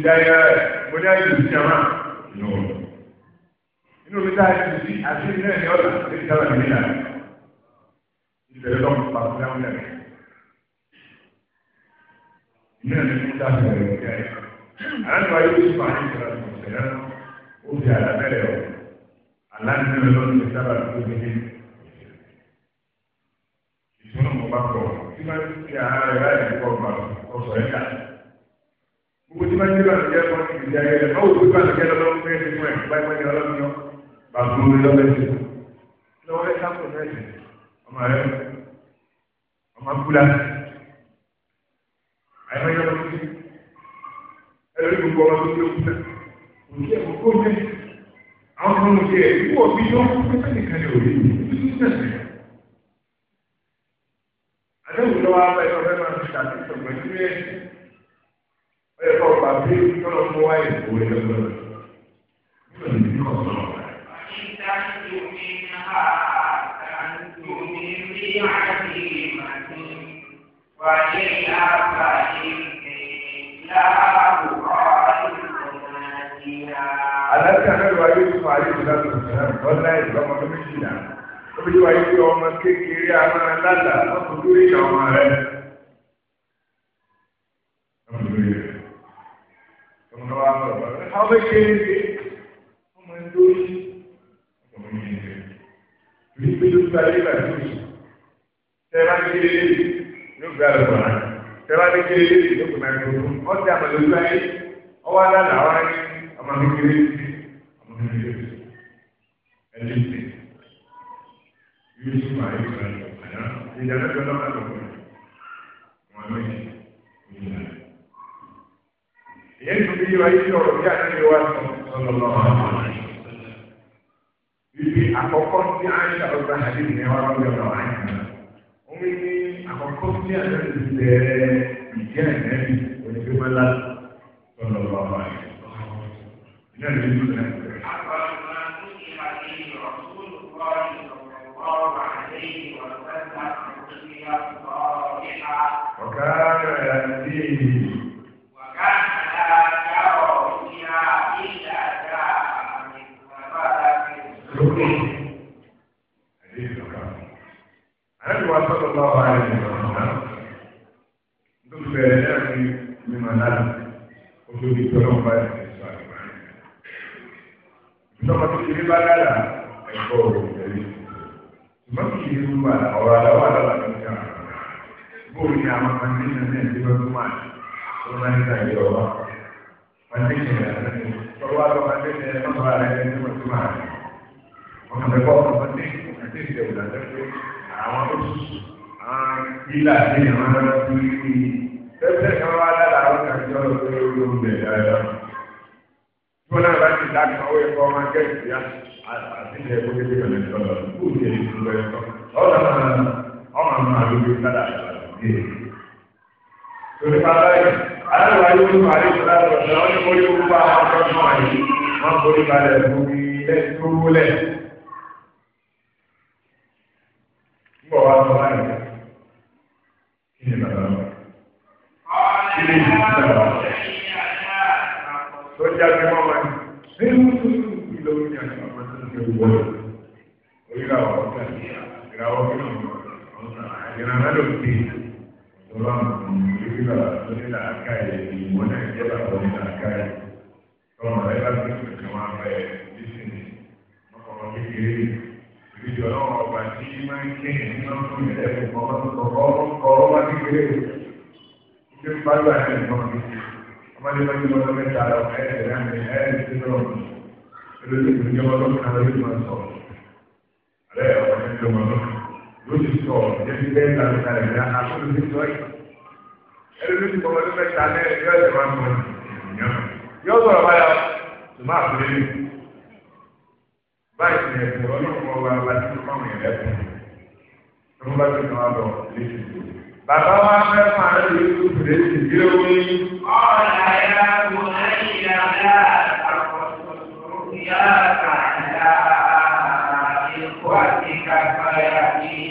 ìdáyà rẹ̀ mo ní àyè sí jama inú wọn. inú mi táyà ti sí àti ilé ẹ̀yẹ ọ̀la lè ti dára nílà ìbẹ̀rẹ̀ lọ́mọ pàtó náà ń lẹ̀. ìyá mi kú dá bẹ̀rẹ̀ òkè ayé. àlànà ayé oṣù fún àyè ìtura tó ṣẹlẹ̀ náà ó fi àlà bẹ̀rẹ̀ ọ̀ àlànà ìlú lọ́dún tó sábà tó gbé ìtúnú mo bá kọ̀ ọ́ tí wọ́n ẹ̀ka gbogbo tí wọ́n ń gbà lójẹ́ fún ìdí ayé rẹ̀ báwo tó gbà lójẹ́ lọ́wọ́ fún ẹ̀sìn fún ẹ̀ báyìí wọ́n ti ọlọ́run yọ bàbá orí lọ́wọ́ ẹ̀sìn lọ́wọ́ ẹ̀ sáfù ẹ kọ gbà pé tọ́lọ̀ mú wáyé kó ẹ lọ́gbọ́n rẹ̀ nígbà tí bí kò sọ̀rọ̀ rẹ̀. Aláṣẹ àmẹ́lò ayé tó fà ayé ìlànà ìsìlámù lọ́lá ìlọ́mọ tó méjìlá. Ó fi wáyé pé ọmọ kékeré àwọn alálà ọkùnrin ọmọ rẹ̀. Ọmọ rẹ̀ ọ̀nà wa sọ̀rọ̀ àwọn kékeré ṣe ọmọ ẹni tó yí ọmọ ẹni ṣe ní pé ló gba ilé ìgbà tó yí tẹ́lá kékeré yóò gba ẹ̀rọ náà tẹ́lá kékeré yóò gba ẹ̀rọ náà ọ̀sẹ̀ àmàlódé ayé ọwọ́ aláàlá wa ní ọmọ kékeré ṣe ọmọ kékeré ṣe ẹni ṣe yóò sún àyè ìgbà náà ìjà náà jọ náà lọ́kọ̀ọ́ yẹn tó bí wáyé tí ọ̀rọ̀ bí àtúnyẹ wá sọ lọlọ bíbí àkọ́kọ́ tí àyíṣà ọgbà àdé nìyẹn wà lórí ọ̀rọ̀ àyíṣà omi ní àkọ́kọ́ tí àyíṣà ti bẹ̀rẹ̀ ìdí àyíṣà yìí onígbẹmọlá lọlọ lọlọ àyíṣà ìyá mi ń dúró náà. Amẹ́ríkà yìí ọ̀wá. Wọ́n ti kìlẹ̀ àti ọwọ́ àgbà máa tẹ̀lé ẹ̀ máa bá ẹ̀ ní wọ́n ti máa rẹ̀. Wọ́n ti kọ́ ọ̀nà wọn ní àti ìjẹ̀wò làjẹ́ pé àwọn oṣù ìlà ní ìrìn àwọn ọmọ tó yí kí tẹ́tẹ́ kan wá lára àwọn kàjọ lórí oúnjẹ dáadáa. Tí wọ́n náà bá ti dá kan ó yẹ kó máa gẹ̀ sí àti ìjẹ̀wò kékeré kan lẹ́tọ́ lọ. Kúùtì èyí ti lọ ẹ̀kọ́. Ọ̀nà máa lóbi sára àgbà lórí. Torí àgbà yóò fà ní ìlú láti ọ̀sẹ̀ wọn ni mo rí gbogbo àwọn akẹ́kọ̀ọ́ wọn yìí wọn kò ní balẹ̀ fún mi lẹ́yìn tó wúlẹ̀. Nígbà wàá sọ báyìí, kí ni bàbá mi? Kí ni ìdí bàbá mi? Sọ́jà ti mọ́ wọn ní ìlú ní àná àwọn tó ń gbé wọ́n. Orí làwọn ọ̀gá ìyá, ìràwọ̀ kí ni ọ̀gá ìyá náà ló ń gbé. Ọlọ́run ìrírí bàbá tó ní làákà yìí ni ìwọ náà jẹ́ bàbá tó ní làákà yìí. Ọmọ rẹ bá ti pèsè wọn abẹ ìsìn ọmọ kékeré. Ìbíjọ náà ọba tí máa ń kéyìn ní wọn fún ilẹ̀ ẹ̀kọ́ ọkọ̀ ọba kékeré. Ṣé ń bá gbà ní ìbọn mi? Ọmọdé bá ti lọ ló ti sọ ẹbí bẹ́ẹ̀ ta ló kalẹ̀ ní akọ́lù ní sọ yìí ẹbí ló ti sọ ọmọdé fẹ́ ta ní ẹgbẹ́ ẹ̀jẹ̀ máa ń sọ ìyàn yọ sọ̀rọ̀ báyà tó máa fi báyìí ní ẹ̀sìn ọlọ́run ọba ọba tí mo máa ń yẹn lẹ́kùn tó ń bá tó ní wọn lọ bàbá wa fẹ́ máa ń lè tó fèrè sí i lé wọ́n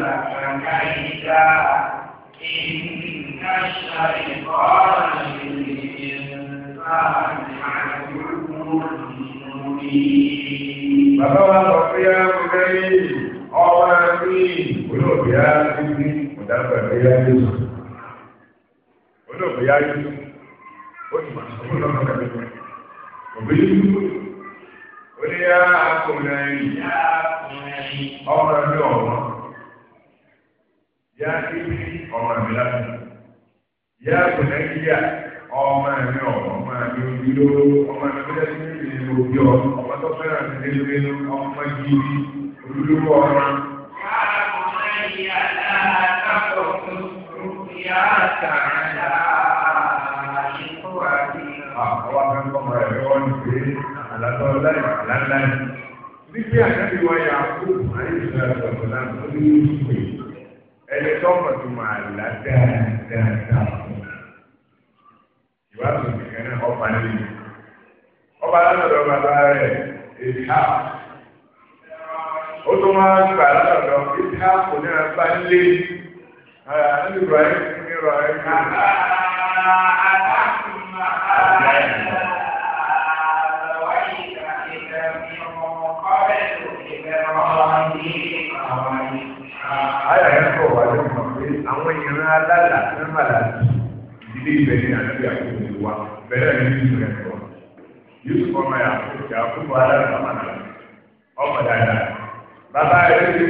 لك كيدا إن الشيطان للإنسان عدو مبين. بابا وصفي يا مدين ọwọ́ ẹbí olóògbé yá títí ọ̀dàgbà ẹ̀yà yéṣu olóògbé yá yéṣu ó ti máa sọ lọ́nà kẹ́kẹ́ òbí yéṣu ó ní yá akọ̀ọ̀lẹ́yìn ọmọ ẹbí ọ̀wọ́n yá ibi ọmọ mi láti yá kùnẹ́kíyà ọmọ mi ọmọ mi òbí lóró ọmọ mi lórí ẹni tí mi ò bí ọ ọmọ tó fẹ́ràn mi lé lórí ọmọ yìí olúdókò ọmọ. yá kùnẹ́kíyà láàkàtọ̀ fún rúkìá tààlà ikú àti. àwọn akẹ́kọ̀ọ́ ọmọ rẹ̀ lọ́wọ́ ní pé àlàtọ̀ láì àlàláì. Bíbí àkẹ́kọ̀ọ́ ya kó àyè ìṣẹ́ àtọ̀tọ̀ náà lórí ìṣúwèé. ẹni tó mọ̀ tó mọ̀ àlá dáadáa ìwádìí nìkan náà ọba nílùú. ọba látọ̀dọ̀ bàbá rẹ̀ ìhà. ó tún máa ń gbà látọ̀dọ̀ ìhà kò ní abá lé. ẹni rọ̀ ní ká. ayà yẹn kọ̀ wá ló mọ̀ pé àwọn ìran alálà ní màlàjì ìdílé ibẹ̀ ní àti àkókò ìwà bẹ̀rẹ̀ ní yusuf rẹ̀ kọ̀ yusuf ọmọ yà kókò àkókò alálà máa nà ọmọ dáadáa bàbá rẹ̀ ṣe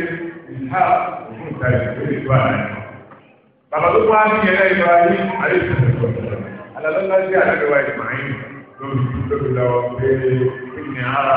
ìhà òfin ìta ìgbésẹ̀ ìlú àná bàbá tó wá ní ẹ̀rẹ́ ìlú ayé ayé ìṣẹ̀lẹ̀ ìṣẹ̀lẹ̀ alálọ́lá sí àlẹ́wà ìsmáyìn lórí lórí lọ́wọ́ pé kí ni ara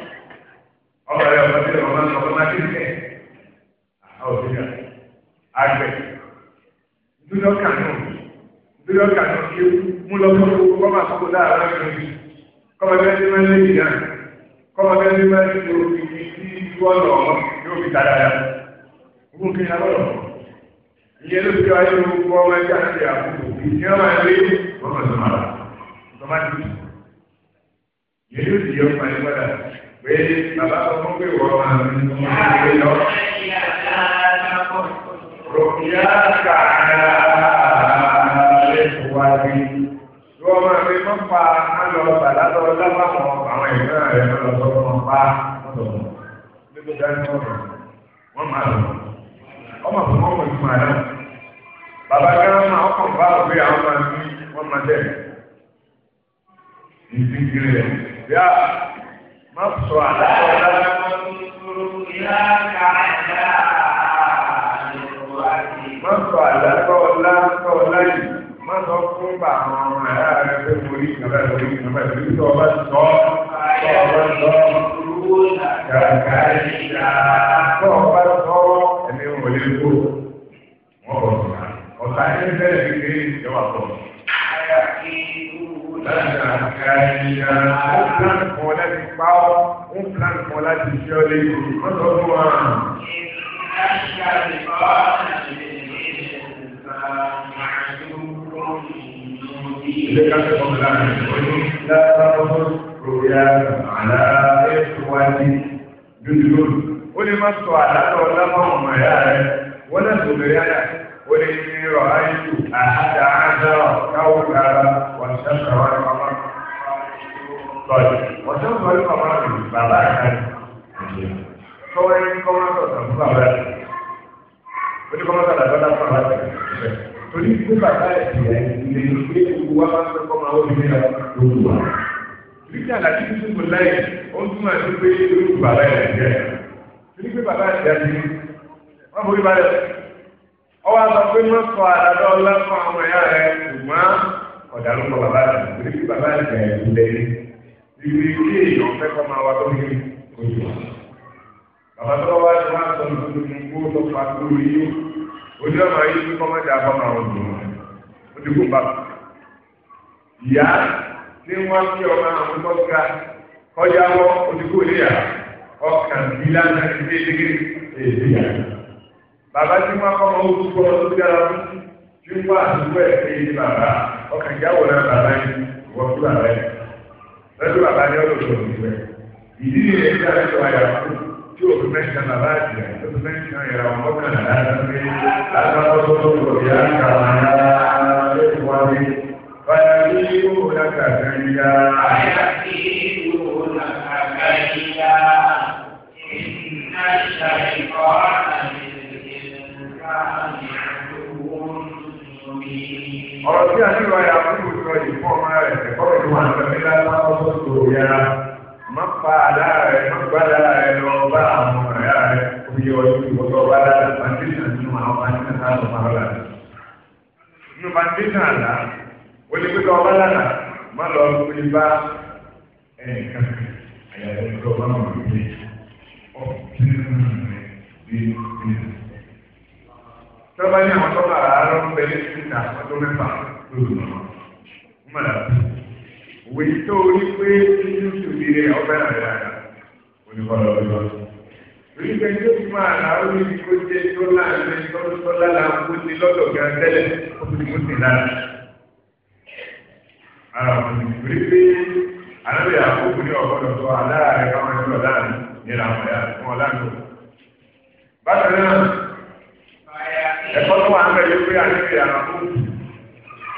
ọmọ rẹ ọmọ tí ọmọ náà ọmọ náà kéde kẹ àwọn òbí rẹ àgbẹ̀ ntúndì ọkà nù ntúndì ọkà nù kí mú lọ fún owó kọ́ máa fọwọ́ dáa lọ́wọ́ ìlú yìí kọ́mọ bẹ́ẹ̀ ní máa ń léyìí náà kọ́mọ bẹ́ẹ̀ ní máa ń lo ibi tí wọ́n lọ ọmọ yóò fi dáadáa yá owó kí ni alọ́lọ́ ìyẹn ló fi wáyé owó ọmọ ẹgbẹ́ àti àbúrò ìyẹn máa lé ọmọ ẹgbẹ́ ya bàbá sọ fún pé wọ́n lọ. Rògbìyà ya lẹ́kọ̀ọ́ wájú. Tí ya máa fi mọ́ ya álọ bàbá lọ ya àwọn ìgbà rẹ̀ ya sọ fún wọn ya ọ̀tọ̀. Nígbà tí ya sọ̀rọ̀, wọ́n máa ya Ọmọ fún wọn ya tún máa lọ. ya kẹ́rọ́ máa ọkọ̀ ya òwe àwọn máa ya bí wọ́n máa ya Ìdí ìdí rẹ̀ Mọ́sọ̀ àdákọ́ ọlá kọ́ ọlá yìí, má sọ fún bà àwọn ọmọ ẹ̀rá rẹ̀ pé mo rí ìjọba ìlú ìjọba ìlú tó ọba sọ ọ́ ọba sọ ọ́ gàgà ìjà tó ọba sọ ọ́ ẹ̀mí wọlé kó. Wọ́n bọ̀ sọ̀rọ̀ ọ̀tá ẹni bẹ́ẹ̀ ní pé ìjọba sọ̀rọ̀. Ó plan kọ̀ láti pa ọ́, ó plan kọ̀ láti fi ọ léwu, wọ́n sọ fún wa. Ilé ká sọ̀rọ̀ láàrin ìwọ́nú lára ọdún ròyà àlá ẹ̀sùn wájú dúdú lónìí. Ó lè má sọ àlá lọ lábọ́ ọmọ ẹ̀yà rẹ̀, wọ́n lè sọ̀rọ̀ yára. قل إني رأيت أحد عشر كوكبا وانشق القمر طيب وشق القمر بابا كان kọ́wé kọ́wé sọ̀tàn fún bàbá rẹ̀ ó ní kọ́wé sọ̀tàn fún bàbá rẹ̀ torí pé bàbá rẹ̀ ti rẹ̀ lè gbé ewu wá máa ń fẹ́ kọ́ máa wọ́n nílẹ̀ lóru wa torí pé àlàyé tó tún kò láyé ó ń túmọ̀ sí pé olùkọ́ bàbá rẹ̀ jẹ́ torí pé bàbá rẹ̀ jẹ́ wọ́n borí bá rẹ̀ ọwọ́ àgbà pé má sọ àdàdọ́ ọlá fún àwọn ẹ̀yà rẹ̀ ṣùgbọ́n ọ̀dà ló kọ bàbá rẹ̀ torí pé bàbá rẹ̀ bẹ̀rẹ̀ ló lẹ̀ ní. Ibi tí èèyàn fẹ́ kọ́ máa wá tó ní ojú wa. Bàbá tó wá ti wá sọ lóṣù ní kó tó fa lórí yó. Ojú ọmọ yìí tó kọ́ máa dà bọ́ máa wọ̀ dùn wọn. Ó ti kú bàbá. Ìyá tí wọ́n fi ọmọ àwọn tó ga kọjá wọ́ ó ti kú ilé yàrá. Ọkàn ìlànà ìgbé bàbá tí wọ́n kọ́ ọmọ orúkọ ọdún tí ara fún tí wọ́n àdúgbò ẹ̀ pé ní bàbá ọkàn ìyàwó náà bàbá yìí wọ́n fún bàbá yìí lọ́dún bàbá ní ọdún tó ní rẹ̀ ìdí ni èyí tí a ti sọ àyà fún tí òfin mẹ́ta bàbá àti ẹ̀ tó fi mẹ́ta ìyàrá wọn kọ́kànlá láti pé alábọ́sọ́ tó lọ bí a ń kà wọ́n yá lẹ́yìn wọ́n rí bàbá ní ìwò lákà kàríyá. bàbá ní ìwò lákà kàríyá ìnáṣà ìkọ́ àná ọ̀rọ̀ tí a ní lọ yà fún ìwúrọ̀ yìí fún ọmọ rẹ̀ ẹ̀kọ́rọ̀ tó wà lọ́mí lásán ọ̀sọ̀ tó yà má pa àdá rẹ̀ má gbá àdá rẹ̀ lọ bá àwọn ọ̀rẹ́ rẹ̀ omi ọdún ìwọ́tọ̀ bá dára pàǹdéṣà nínú àwọn pàǹdéṣà náà lọ́mọ ọ̀la. nínú pàǹdéṣà àlá ó lè gbé ọba lánàá má lọ sí bá ẹnìkan àyàwó ìjọba náà lóye ọ̀ tọ́ba ní àwọn tọ́ba àárọ̀ ń bẹ ní títà ọdún mẹ́fà lóru mọ́ mọ́lá òwe tó rí pé nínú ìṣòwò ilé ọbẹ̀ náà dáadáa oníkọ́lọ́ ọjọ́ torí pé tó fi máa rà ó ní kó jẹ́ tó láàrin tọ́lọ́tọ́ lára kó ní lọ́dọ̀ gan tẹ́lẹ̀ ó fi kó sì lára ara wọn ní torí pé alábẹ̀ àkókò ní ọ̀gbọ́dọ̀ tó aláàrẹ̀ káwọn ẹgbẹ́ ọ̀daràn ní ìlànà ọ̀daràn ẹ̀kọ́ tó wà ń bẹ̀rẹ̀ pé àdébẹ̀ yàrá kó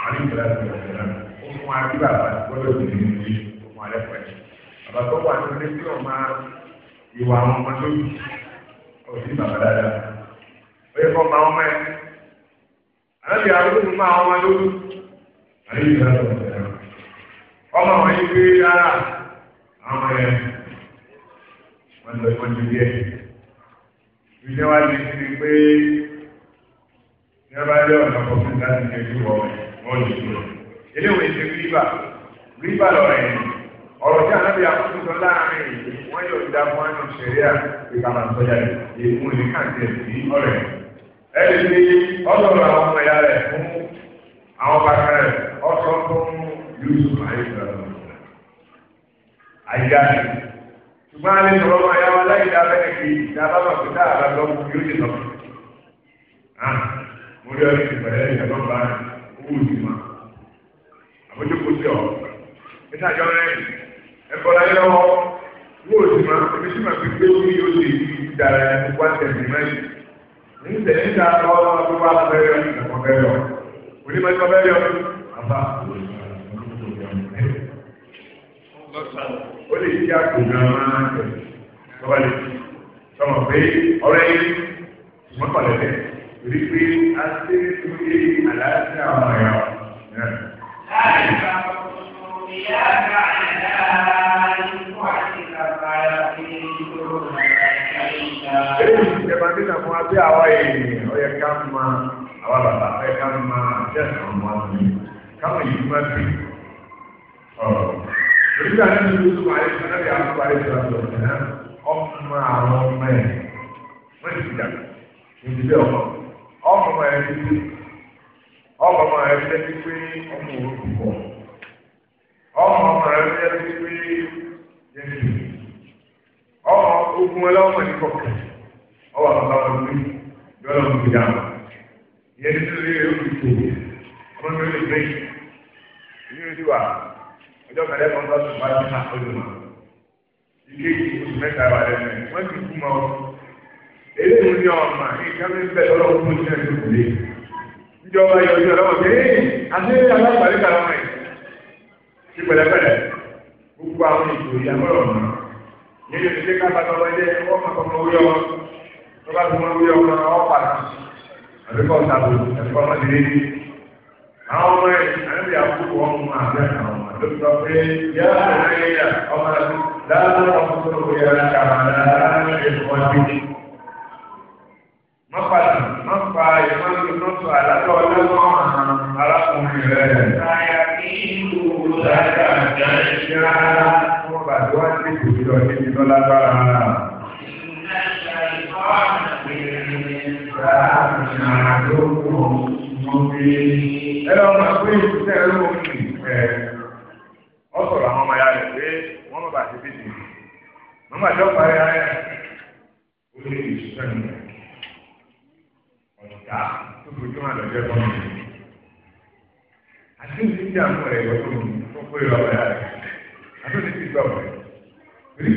àdébẹ̀ yàrá kó ó fún wa bí bàbá gbọ́dọ̀ tó ní ìlú ó fún wa lẹ́kọ̀ọ́ ẹ̀ bàbá tó wà ní ilé tí ọmọ ìwà àwọn ọmọ tó yìí ó sì bàbá dáadáa ó yẹ kọ́ ma ọmọ ẹ̀ àdébẹ̀ yàrá kó fún ma ọmọ tó àdébẹ̀ yàrá kó ọmọ yìí pé ara àwọn ẹ̀ wọn lọ ní ọba jẹ́ ọ̀nà kọfún láti ní ojú wọ̀ wọ́n lè tó. eléwèé ti rìbá rìbá lọ́rọ̀ ẹ̀ ọ̀rọ̀ tí ànábì akókò sọ láàrin yìí wọ́n yóò da fún ẹnu ṣẹ̀ríà ìkàmà sọ́jà èkó ní káàkiri ẹ̀sìn ọ̀rẹ́ ẹ̀ ẹ̀ lè ọlọ́rọ̀ àwọn ọmọ ìyá rẹ̀ fún àwọn bàtà rẹ̀ ọ̀sọ́ fún Yusuf ayélujára àyíká rẹ̀ ṣùgbọ́n alẹ́ mo rí ọ̀rẹ́ ti pẹ̀lẹ́ ní ẹ̀dọ́ bá rẹ̀ owó sì máa àbójú kò sí ọ̀ níta jọ rẹ̀ ẹ̀kọ́ láyé lọ́wọ́ owó sì máa èmi sì máa fi gbé orí yóò ṣe ìdára ẹni wá tẹ̀sí mẹ́rin ní tẹ̀ níta lọ́wọ́ tó wá bẹ́rẹ̀ ẹ̀kọ́ bẹ́rẹ̀ ọ̀ onímọ̀ ẹ̀kọ́ bẹ́rẹ̀ ọ̀ àbá o lè jẹ́ àpò gan-an tọ́ba lè sọmọ pé ọ̀rẹ́ yìí mọ́tò lẹ́tẹ̀ẹ́ wípé a ti ń tún yé àlàáfíà ọmọ ẹ̀ ọ́. láì bá ìyá àgbà ẹ̀dá ikú àti bàbá ẹni tó rẹ̀ ẹ̀yìn. ìjọba nígbà fún wa bí àwa ènìyàn ó yẹ ká máa àwa bàbá ẹ ká máa jẹ́sàn ọmọ mi káwọn yìí má bí ọ̀rọ̀. Nígbà tí mo tún wà ní Sanadi àkókò àìsàn ọ̀sán, ọmọ àwọn ọmọ ẹ̀ wọ́n ti dàgbà, ìdílé ọ̀pọ̀ ọmọ ẹni ọmọ ẹni ẹni pé ọmọ òkùnkọ ọmọ ẹni ẹni pé ẹni ọmọ ogun ẹlọmọ ẹni kọkẹ ọwọ àbá wọn wí yọlọ ń gbìyà yẹn tó lé orí tó ọmọ mi lè gbé yìí ní wà ọjọ́ kẹlẹ kan bá sùn bá ti ká ọjọ́ náà ìkéjì oṣù mẹ́ta wà lẹ́nu wọn ti kú ma ọ eléyìí ní ọmọ nǹkan mi bẹ lọ́wọ́ fún iṣẹ́ ìdókòlé ìjọba yọjú ọlọ́wọ́ pé àti alágbàdé kan ọmọ yìí ti pẹ̀lẹ́pẹ̀lẹ́ gbogbo àwọn ètò ìyàmọ̀rọ̀ ọ̀nà nínú ìdílé ká bàtà wọn jẹ wọn kọ ọmọ orí ọmọ tó bá tó wọn orí ọmọ ọmọ pàtà àbíkọ ọ̀tàbò àbíkọ ọmọdé àwọn ọmọ yìí àti àkókò ọmọ àbẹ àwọn ọmọ ló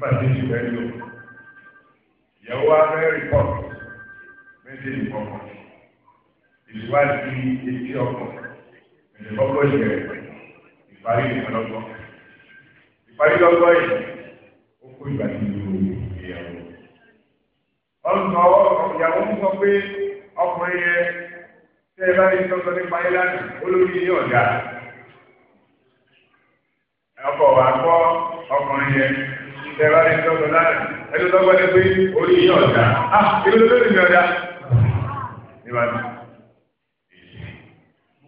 nígbà tí èyí fẹ́ lò ìyàwó wa fẹ́ rìpọ́tù méjèèjì kọ̀ọ̀kan ìwádìí etí ọkàn ìdìbọ́gbọ́ ìyẹ̀ ìparí ìdìbọ́gbọ́ ìparí lọ́gbọ́ yìí ó kó ìgbà tí ìlú ìyàwó. ọ̀nà ìyàwó ń sọ pé ọkùnrin yẹn tẹ́ ẹ bá lè sọ́sọ́ nípa ìlànà olórí ilé ọ̀dà ọkọ̀ wà kọ́ ọkùnrin yẹn tẹ̀wá rẹ̀ tọ́gbọ̀ lánàá ẹni tọ́gbọ̀ ní pé orí yìí ọ̀dà á ah, ibi tó lórí mi ọ̀dà nígbà tó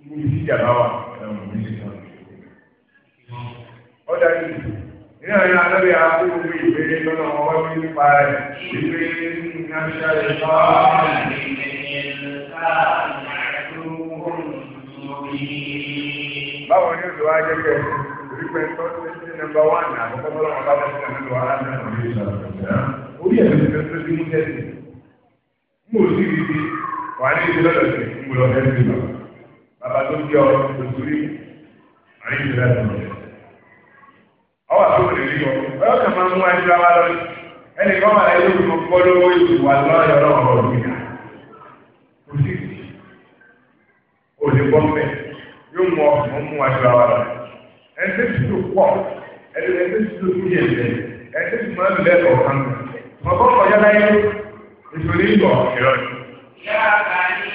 mú mi síjà bá wà ọ̀dà yìí nínú àwọn alábẹ́ yà kó gbogbo ìbéèrè lọ́nà ọwọ́ mi nípa rẹ̀ wípé nínú aṣọ rẹ̀ bá wà ní báwo ni òṣèwà jẹ́ kẹ́ ẹ̀ rí pẹ́ tọ́jú nọ́mbà wán ní àkọ́kọ́ bọ́lá wọn bá bá fún ẹ̀mí lọ ara náà lórí ìṣàlùfẹ́ orí ẹ̀mí ti fẹ́ fi mú tẹ́sí mú ò sí ibi wà ní ìdílé lọ́sẹ̀ ń gbọ́dọ̀ ẹ̀sìn lọ bàbá tó jẹ́ ọ lòtúrí àní ìdílé lọ́sẹ̀ ọwọ́ àtúntò lè rí wọn ọyọ́ kan máa mú ẹni lọ́wọ́ lọ ẹnì kan wà láyé olùkọ́ gbọ́dọ̀ ìwà lọ́yọ̀ lọ́wọ́ òmìnira kò sí òdìbọ́n bẹ́ẹ̀ yóò mú ọ mú aṣọ àwọn ẹ̀ ẹ̀ ń tẹ́sí tó pọ̀ ẹ̀dùn ẹ̀dùn ti tó fi yẹn lẹ̀ ẹ̀dùn ti máa ń lẹ̀ ọ̀kan. Mọ̀kọ́ kọjá láyé ìṣòro ìbọ̀ ìrọ̀lẹ́. Yára kàní.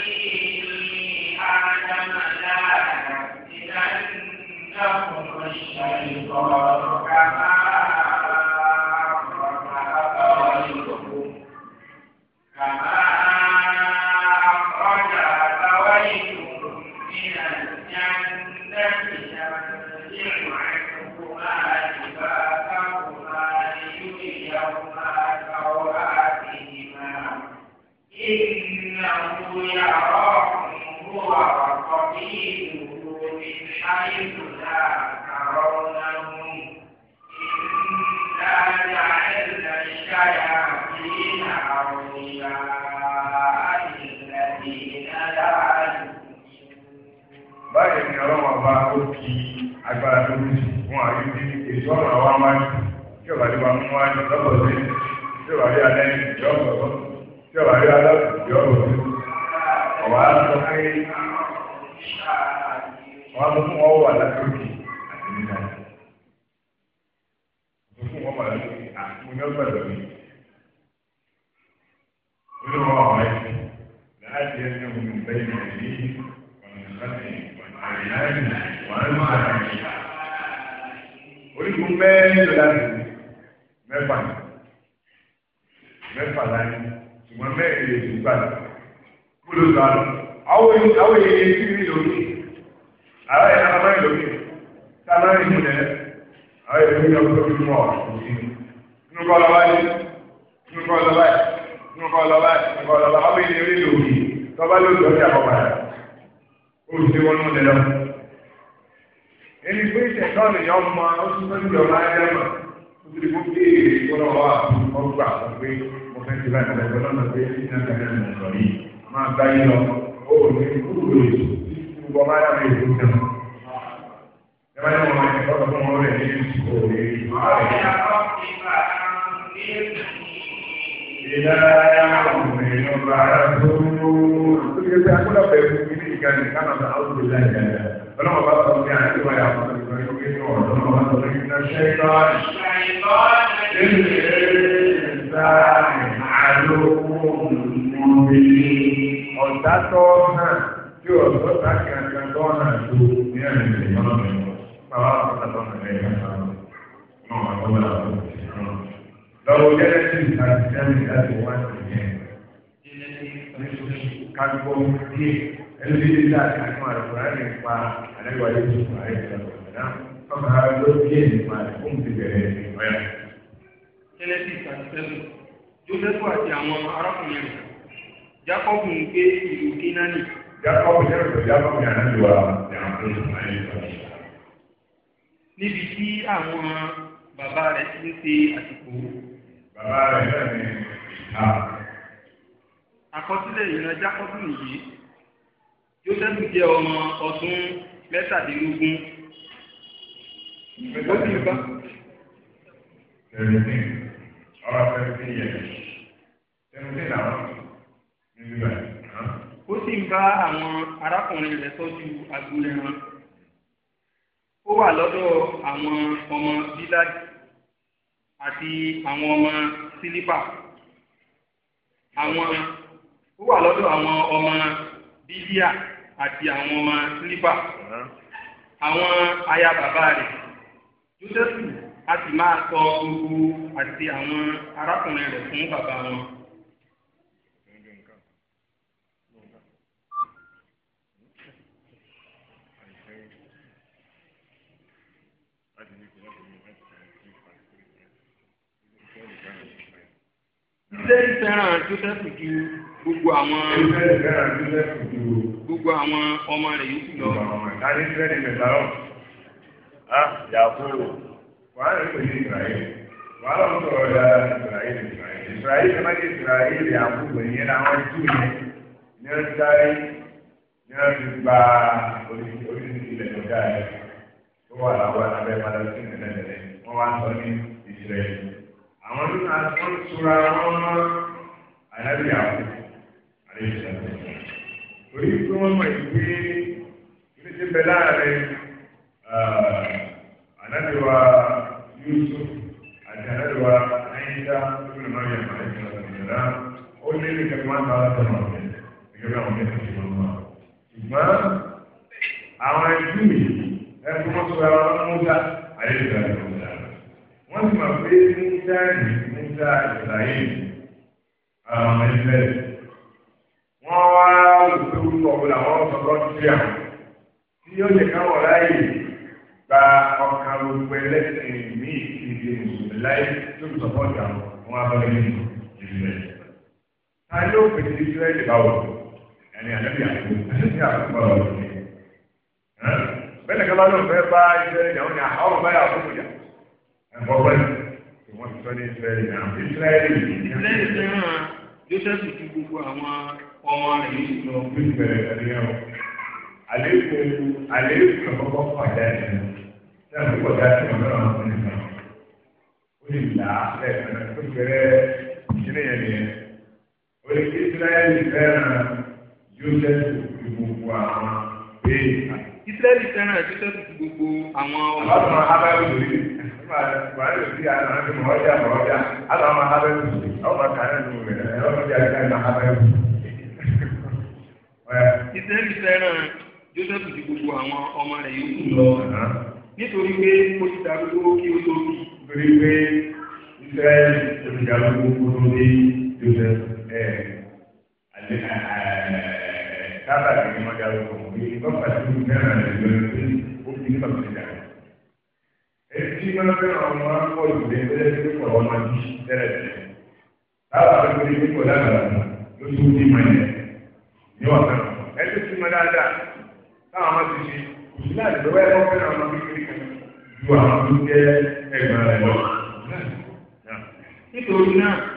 كما تعوذ بالله تعالى فلما بطل يعني بما يعبد من يمين ولما بطل من الشيطان الشيطان للإنسان عدو مبين ọ̀dátọ́nà tí ó lọ́ta kankan tọ́nà tó ní ẹ̀rìn ìrìn ọ̀nà mẹ́wọ́ bàbá àpótá tọ́nà rẹ̀ yàtọ̀ náà wà lọ́wọ́ àwọn òṣìṣẹ́ náà lọ́wọ́ jẹ́rẹ́sì àti jẹ́rẹ́sì láti wá sí ẹ̀ kágbọ́n díẹ̀ ẹni tí ìdílé àti àwọn àlùkùrán ní ipa àlẹ́wàlẹ́ tó fún àyè ìjọba ìgbàlá ọba ló bí èyí pa fún ti bẹ̀rẹ̀ ìwé. tẹ́lẹ̀ sí ìtàkùtẹ́lù jósẹ́fù àti àwọn arákùnrin rẹ̀ jákọ́bù ń gbé ìlú kínání. jákọ́bù yẹn rẹ̀ jákọ́bù yẹn àti wà ẹ̀rọ tó fún àyè ìjọba. níbi tí àwọn bàbá rẹ̀ ti ń ṣe àsìkò. bàbá rẹ̀ bẹ́ẹ̀ ni Jósẹ́fù jẹ́ ọmọ ọdún mẹ́tàdínlógún. Ó ti bá. Ẹ̀rẹ̀ ní ọ̀rọ̀ afẹ́rẹ́ sí yẹn. Ẹnu ní làwọn níbi báyìí. Ó sì ń bá àwọn arákùnrin rẹ̀ tọ́jú agboolé wọn. Ó wà lọ́dọ̀ àwọn ọmọ bíláàdì àti àwọn ọmọ sílípà. Àwọn ó wà lọ́dọ̀ àwọn ọmọ bílíà àti àwọn ọmọ sílífà àwọn aya bàbá rẹ̀ jósẹ́fù a sì máa sọ gbogbo àti àwọn arákùnrin rẹ̀ fún bàbá wọn. ṣé fẹ́ràn Jósẹ́fù ju gbogbo àwọn gbogbo àwọn ọmọ rẹ̀ yìí lọ. a ah, ní sẹ́ni mẹ́tàlọ́ a Yakubu wàá rẹ̀ pẹ̀lú Israẹli wàá lọ sọ̀rọ̀ ya Israẹli Israẹli ẹ̀ má jẹ́ Israẹli Yakubu ìyẹn náà wọ́n jù yẹn ní ọ́n sáré ní ọ́n ti gba oríṣiríṣi ilẹ̀ tó dáa yẹn tó wà láwọn abẹ́ padà sí ìrìnlẹ̀ wọ́n wá sọ ní Israẹli àwọn tí a ti ń tura wọn mọ́ àyàbí àwọn àlejò torí pé wọ́n mọ̀ ìpè ní ti bẹ láàrin ànábìwá. Ísírẹ́lì. Ísírẹ́lì fẹ́ràn Jósẹ́fù ju gbogbo àwọn ọmọ rẹ̀ yìí lọ. Bí ìbẹ̀rẹ̀ tẹ̀lé ọ̀, àlékún àlékún ọ̀kọ́kọ́ pàdé ẹ̀ náà ní kọjá sí ọ̀dọ́ àwọn ọmọ nìkan. Ó lè là á lẹ́ẹ̀kan náà tó bẹ̀rẹ̀ ìṣẹ̀lẹ̀ yẹn nìyẹn. Ó lè Ísírẹ́lì fẹ́ràn Jósẹ́fù ju gbogbo àwọn bẹ́ẹ̀ Ísírẹ́lì fẹ́ràn Jósẹ́fù ju gbogbo àwọn ọmọ. Àwọn ọmọ Abẹ́lú rèé. Bàálù sí àná ẹni mọ̀ ọjà mọ̀ ọjà. Àwọn fẹ́ràn Jósẹ́fù gbogbo àwọn ọmọ rẹ̀ yòókù lọ. Nítorí pé ti kí tó bí. Nítorí pé ti kí tó bí lọ́pàá tí mo fẹ́ràn rẹ̀ lọ sí òbí nípa tó dà. Etí máa fẹ́ràn ọmọ akọ ìgbẹ́ tẹ́lẹ̀ tó kọ̀ ọmọ bí tẹ́lẹ̀ tẹ́lẹ̀. Táwa àgbẹ̀ ní kò dára lójú ní mọ̀lẹ́ ní wà fẹ́ràn. Ẹ tó ti mọ dáadáa táwọn ọmọ ti ṣe Nítorí náà.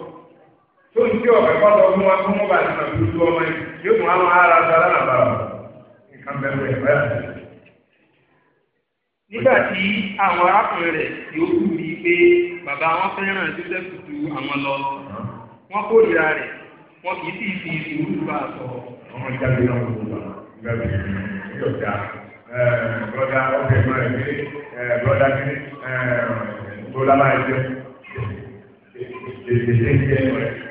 tó ń tí ọ̀bẹ kọ́tọ̀ fún wa fún mọ́bà tí màá dúdú ọmọ yìí yóò tún àwọn ará aṣọ alárànbá ọ̀ nǹkan bẹ̀rù ẹ̀ báyà. nígbà tí àwọn arákùnrin rẹ̀ yóò kú ní pé bàbá wọn fẹ́ràn joseph ju àwọn lọ wọn kórìíra rẹ̀ wọn kì í sì fi ìṣòro bá a sọ. ọmọ ìjáde náà kò wà nígbà tí yóò dá broda ọkẹ mọ ẹ gbé broda gbé broda máa jẹ èdè jẹ ọ̀rẹ́.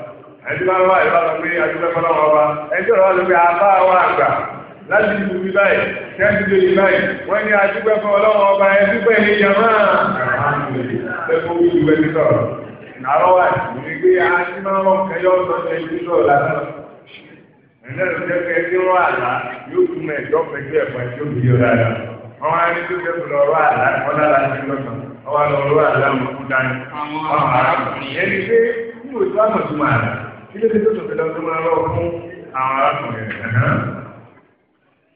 ẹni máa ń wá ìlú àlọ́ pé adúgbò fọlọ́wọ́ ọba ẹni tó lọ́wọ́ ló pé àbá wa àgbà láti ìlú bí báyìí kẹ́ńtì lè yìí báyìí wọ́n ní adúgbò ọba ẹni pẹ̀ ní yàmá ẹ̀fọ́ wí ìlú ẹni sọ̀rọ̀ nàárọ̀ wà ní pé àti máa ń wọ́n kẹyọ́ àlá yóò pẹ̀lú ẹ̀fọ́ ilé tí tó tòkè lọ́dún máa lọ fún àwọn arákùnrin rẹ̀.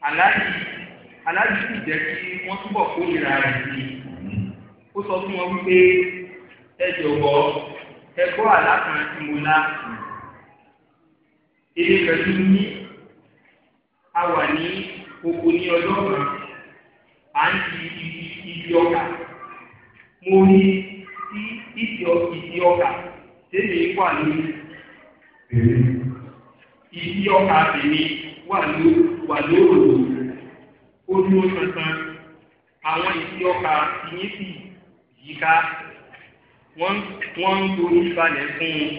aláàjì aláàjì sì jẹ́ kí wọ́n túbọ̀ kórìíra rẹ̀ sí i ó sọ fún wọn wípé ẹ jọ̀wọ́ ẹ gbọ́ àlákan tí mo lá èdè pẹ̀lú ní a wà ní oko ní ọjọ́ kan à ń di ibi ọkà mo rí ìdí ọkà tèmi wà lórí. Ibi ọkà tèmi wà lóòrò ó dúró tuntun. Àwọn ibi ọkà tìyín sì yíká. Wọ́n ń dorí balẹ̀ fún un.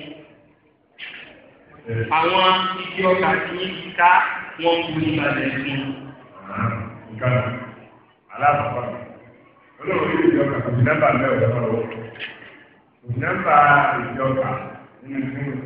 Àwọn ibi ọkà tìyín yíká wọ́n ń dorí balẹ̀ fún un. Aláàbọ̀ olóòrò ìjọ kà kò sí nọ́mbà mẹ́wàá lọ́wọ́. Kò sí nọ́mbà ìjọ kà nínú ìpínlẹ̀.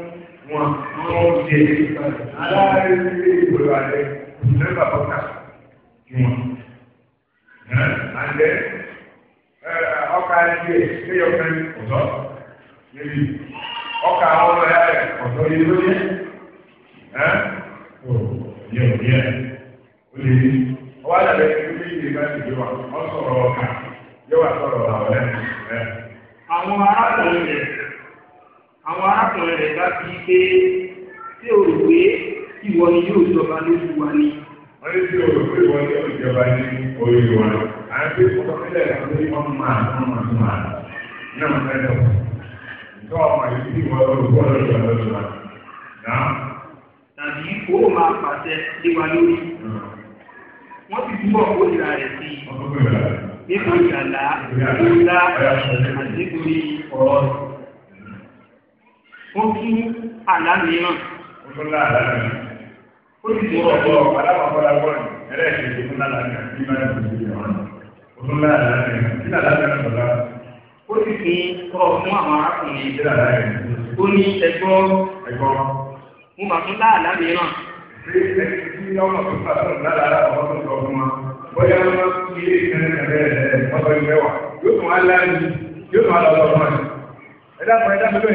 wọn wọn ó jẹ aláàárẹ̀ ilé ìwé alẹ́ mẹ́fà bọ́tà wọn. àlẹ́ ọkà ẹgbẹ́ ẹ̀yọ̀kẹ́ níbi ọkà ọmọ yìí ló yẹ yẹ yẹ àwọn arákùnrin rẹ̀ bá fi pé tí o rò pé ìwọ ni yóò jọba lójú wa ni. wọ́n ní tí o rò pé ìwọ ni yóò jọba ní orí wa àwọn tí o kọ́ sílẹ̀ kan ní wọ́n máa wọ́n máa tún máa ní àwọn ẹ̀rọ tó ọmọ yìí tí ìwọ ló gbọ́ lọ́jọ́ lọ́jọ́ wa. tàbí kó o máa pàṣẹ lé wa lórí. Hmm. wọ́n ti túbọ̀ kó ìlà rẹ̀ sí i. nípa ìlàlá ìlà àti ìgbòrí ọ̀rọ̀ ó kí àlá mìíràn. ó tún lá àlá mìíràn. ó sì ti wọ́n bọ́ aláwọ̀kọ́lá bọ́ọ̀lù ẹlẹ́ẹ̀kejì ó tún lá àlá mìíràn nígbà tó ti di ọ̀rọ̀ ó tún lá àlá mìíràn kí làlá mìíràn bọ̀ lára. ó sì ti kọ́ fún àwọn arákùnrin kí làlá yẹn. ó ní ẹgbọ́ ẹgbọ́ mo mà tún lá àlá mìíràn. ṣé ẹni tí ọmọ tó fà tó ń lá àlá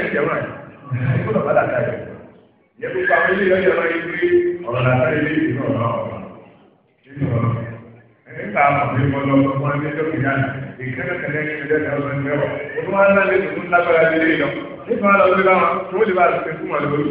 ọmọ tó ìgbọ́dọ̀ bá dàgbà yẹn. Ìyẹn tó pa ilé ìyá ìyàrá yìí pé ọ̀rọ̀ làtà ilé ìdìbò ọ̀rọ̀ ọ̀rọ̀. Nígbà àwọn ọ̀gbìn mọ́ lọ fún ẹgbẹ́ tó kìí dáná, ìkẹ́lẹ́kẹ́lẹ́ ní ẹgbẹ́ tó ń bẹ̀rọ̀. Ó tún wá ń lálé tuntun lágbára ilé ìlọ. Nígbà wọn lọ sí báwọn, tó lè bá a ti fún wọn lórí.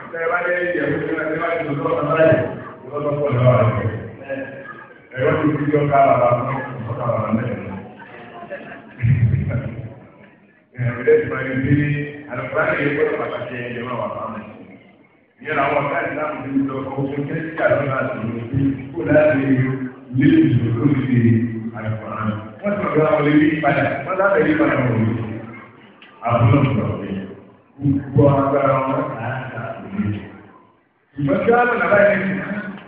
ẹ̀rọ ti fi ọkà àlàbà fún ọkà àlàbà mẹ́rin. Ẹ̀rọ ti máa ń bí àlùfáà ní ìgbọ́ pàtàkì ẹ̀yẹ máa wà fáwọn ẹ̀sìn. Ìyẹn làwọn ọ̀gá ìsìlámù ti ń lọ ọkọ̀ tó ń kí àlọ́ náà sì ló sí kó láti lé ìṣòro tó ti di àlùfáà. Wọ́n ti mọ̀ pé àwọn ìpadà wọ́n lábẹ́ ìpadà wọ̀nyí. Àbúrò ń sọ̀rọ̀ ìgbọ́njọ́ àlọ́ nàbá ẹ̀ ní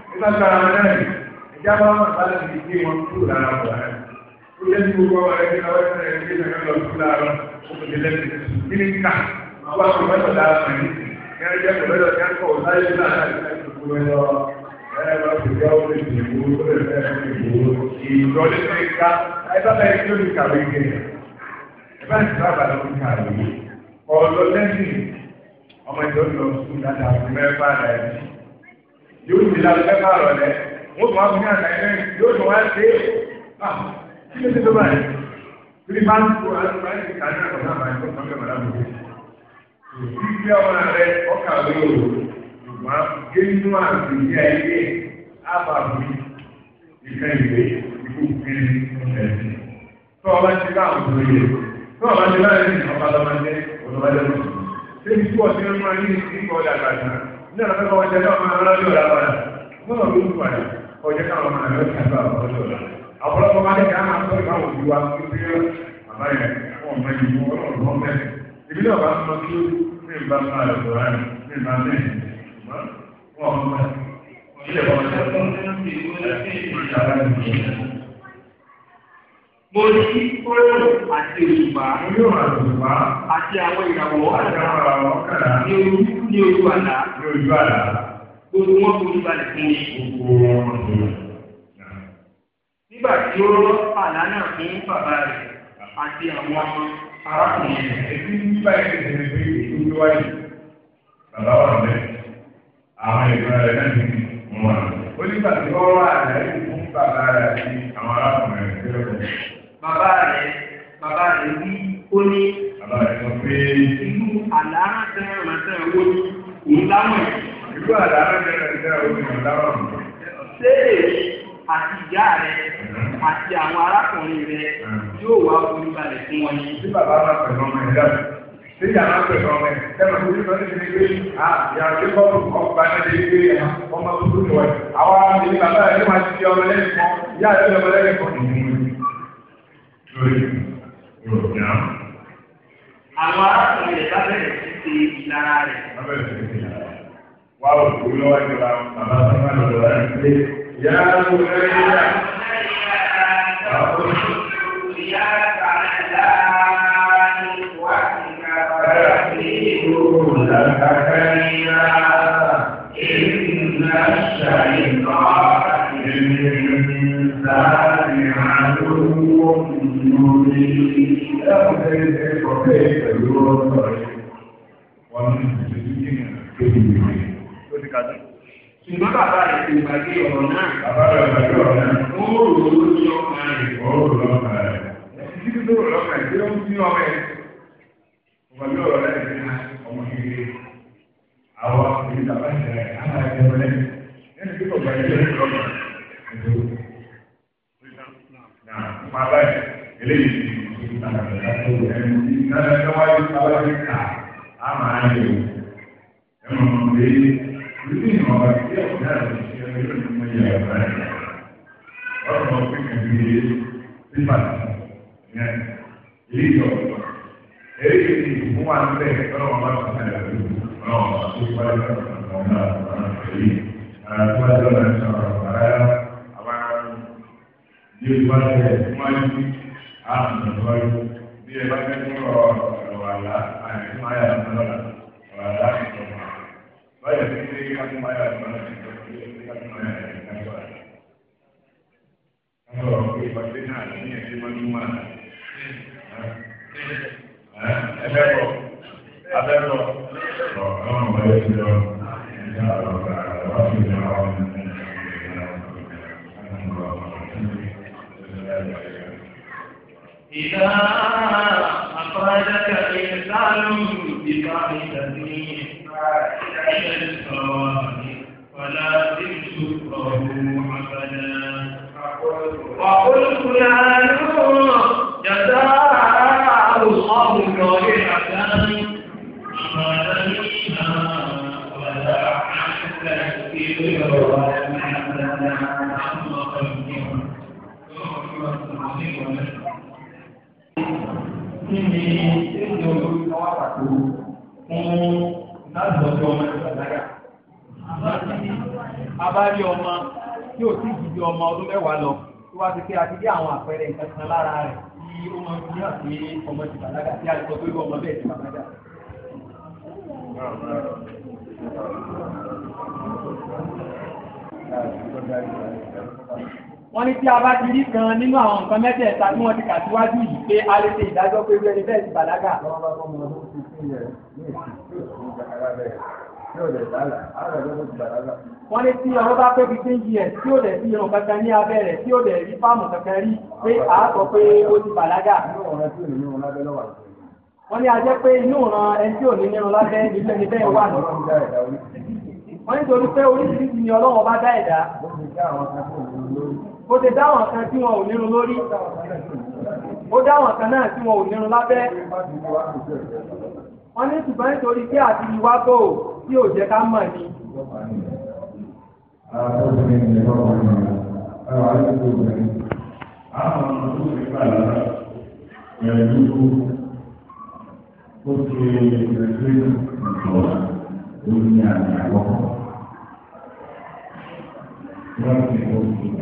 nígbà tó ara náà ẹ̀ ẹ̀jẹ̀ àbá wọn bá lè fi gbé wọn kúrò lára wọn rẹ̀ ó yẹ kí gbogbo ọmọ rẹ̀ kí lọ́wọ́ ẹ̀ ẹ̀ gbé ìgbà lọ sí láàárọ̀ ó kò dé lẹ́bi kí ní ká wọ́n kò mẹ́tọ̀ dára mọ̀ ní ẹ̀jẹ̀ kò mẹ́tọ̀ kí á kọ̀ láyé láàárọ̀ ìgbà tó kúrò lọ ẹ̀rọ ọmọ ìjọ lọ sùkúl láti àti mẹ́fà rẹ̀ yóò sì láti mẹ́fà rọ̀ lẹ̀ wọ́n tún wá fún ní àná ẹgbẹ́ yóò tún wá sí ah, kí ló ti tó báyìí kí bá ń tó alùpùpù láti kà ní àkọ́kọ́ àbáyé tó kàn kẹ́mọ̀lá mi lé ìgbé ọmọ rẹ ọkà lóò ṣùgbọ́n gẹ́gẹ́ náà sì ní ayé ábàbí ìfẹ́ ìwé ìkókè ẹ̀sìn tó ọba ti bá àwọn òṣèré tó ọba ti bá ẹ̀sìn ọba lọ́mọdé ọlọ́mọdé lọ́sùn. Tẹ́lifí pọ̀ sí ọmọ ní ìkọ̀ dàgbà náà. Ní ọ̀nà tó wọ́n jẹ́ ọmọ ọlọ́dún ọ̀la padà. Wọ́n lọ lórí padà. Ọjọ́ káwọn ọmọ rẹ̀ ti àgbà ọ̀dọ́ ọ̀la. Ọ̀pọ̀lọpọ̀ máa ní káwọn àtọ́ ìbáwò ju wa kí pé bàbá yẹn wọ́n mọ ìlú ọlọ́run mọ́ mẹ́rin. Ibi náà bá mọ kí ní ìbá máa lọ sọ̀rọ̀ rẹ̀ ní ìbá mẹ́rin. Wọ́n mọ ilé ọmọ mo ní kóró àti òṣùpá àti àwọn ìràwọ̀ ní ojú ní ojú àlá gbogbo wọn kò ní balẹ̀ fún mi. nígbà tí ó rọ́ àlá náà fún bàbá rẹ̀ àti àwọn arákùnrin rẹ̀. èyí ní báyìí ti tẹ̀lé pé èyí ló wáyé bàbá wà bẹ́ẹ̀ àwọn ìgbà rẹ̀ náà ti wọn. ó nígbà tí ó rọ́ àlá yìí fún bàbá rẹ̀ àti àwọn arákùnrin rẹ̀ tẹ́lẹ̀ pẹ̀lú bàbá rẹ̀ bàbá rẹ̀ wí ó ní. bàbá rẹ̀ sọ pé. ìlú àlàárá tẹ́rẹ̀ rẹ̀ tẹ́rẹ̀ wó ní òun láwọn yìí. ìlú àlàárá tẹ́rẹ̀ rẹ̀ tẹ́rẹ̀ wó ní òun láwọn yìí. ṣé èyí àti ìyá rẹ̀ àti àwọn arákùnrin rẹ̀ yóò wá orí balẹ̀ fún wọn yìí. bí bàbá bá pẹ̀lú ọmọ ẹ̀ dá Níbi àwọn akpẹ̀tọ̀ ọmọ ẹ̀ ẹ̀rọ tó yíyan ní ti gbé à yàrá tó kọ́ fún ọgbà náà lè gbé ẹ̀ ọmọ tó tó wẹ̀. Àwọn àmì bàbá rẹ̀ ló máa ti di ọmọ lẹ́yìn kan, ìyá lẹ́yìn kan nìyí lórí òròjà. àwọn arákùnrin rẹ̀ lábẹ́rẹ̀ sí ti ìlara rẹ̀. lábẹ́rẹ̀ sí ti ìlara rẹ̀. wá òkú lọ́wọ́ ìjọba bàbá sábà lọ́dọ̀ rẹ̀ ń pè é. yá ló rẹ̀ yá. Thank you láàrin You ìlúrí ẹgbẹ̀rẹ̀ ọ̀pẹ́ pẹ̀lú ọ̀pọ̀ rẹ̀ wọ́n ní ìṣẹ́lú Ṣùgbọ́n bàbá rẹ̀ ti gbàgbé ọ̀rọ̀ náà. Bàbá rẹ̀ gbàgbé ọ̀rọ̀ náà. Ó rò ó lórí ọmọ rẹ̀. Ó rò lọ́mọ rẹ̀. Ẹni tí ó rò lọ́mọ rẹ̀ tí ó ń bí ọmọ ẹ̀. Ọmọdé ọ̀rọ̀ rẹ̀ ti ná ọmọ kékeré. Àwọn ìdàbàṣẹ̀ rẹ̀ á máa jẹun lẹ́yìn. Ẹni tí kò gbàgbé ọ̀rọ̀ rẹ̀ nípa báyìí eléyìí ti ní ẹni tí náà ẹ wáyé sábàbí kà á máa yẹ o ẹ mọ̀ mọ̀ pé orí ìmọ̀ bá ti yẹ ọ̀gá rẹ̀ ṣe ẹ lórí ìmọ̀ yẹ ọ̀gá rẹ̀ ọ̀rọ̀ mọ̀ pé kàn ní pípa yẹn èyí yọ èyí ti Yorùbá tẹ̀ wáyé àtúntòwáyé bí ẹ bá fẹ́ sọ̀rọ̀ ọ̀rọ̀ àlá àti máyà lọ́la ọ̀rọ̀ àlá ìjọba. Báyọ̀ sí pé káfí máyà lọ́la ìjọba káfí máyà ìjọba. Ọ̀rọ̀ pé ìpàdé náà ní ẹ̀sìn máa ń mú àná. Ẹ fẹ́ bọ̀, abẹ́ bọ̀, ọ̀rọ̀ ọ̀rọ̀ ọ̀rọ̀ ẹ̀ إذا أفادك إنسان بفاحشة فلا تشكره èdè olórí náà wà pàtó fún ìdánilọ́jọ́ ọmọ ìgbàláyà. Abáyé ọmọ tí ò sí ìdíje ọmọ ọdún mẹ́wàá lọ tó wá ti pé àti bí àwọn àpẹẹrẹ nǹkan lára rẹ̀ tí ó máa fi hàn ọmọ ti bàlágà tí a lè sọ pé ọmọ bẹ́ẹ̀ ti bàlágà. Thank you wọ́n ní tí a bá ti rí kan nínú àwọn nǹkan mẹ́tẹ̀ẹ̀ta tí wọ́n ti kà síwájú yìí pé a lè ṣe ìdájọ́ pé wíwẹ́ ní bẹ́ẹ̀ ti bàlágà. wọ́n ní tí ọmọ bá pé fifteen years tí ó dẹ̀ sí irun kankan ní abẹ́ rẹ̀ tí ó dẹ̀ rí fáàmù kankan rí pé a sọ pé ó ti bàlágà. wọ́n ní a jẹ́ pé inú ìran ẹni tí ò ní nírun lábẹ́ nílẹ̀ níbẹ̀ wà ní. wọ́n ní torí pé oríṣiríṣi ni Ọlọ́run bá dá ẹ̀dá ó ti dáwọn kan tí wọn ò nírun lórí ó dáwọn kan náà tí wọn ò nírun lábẹ́ wọ́n ní ṣùgbọ́n nítorí pé àti ìwá bò tí ò jẹ́ ká mọ̀ ni. Ó ti ìrẹsì ìjọba lórí àmì àkọ́kọ́. Wọ́n ti kó sí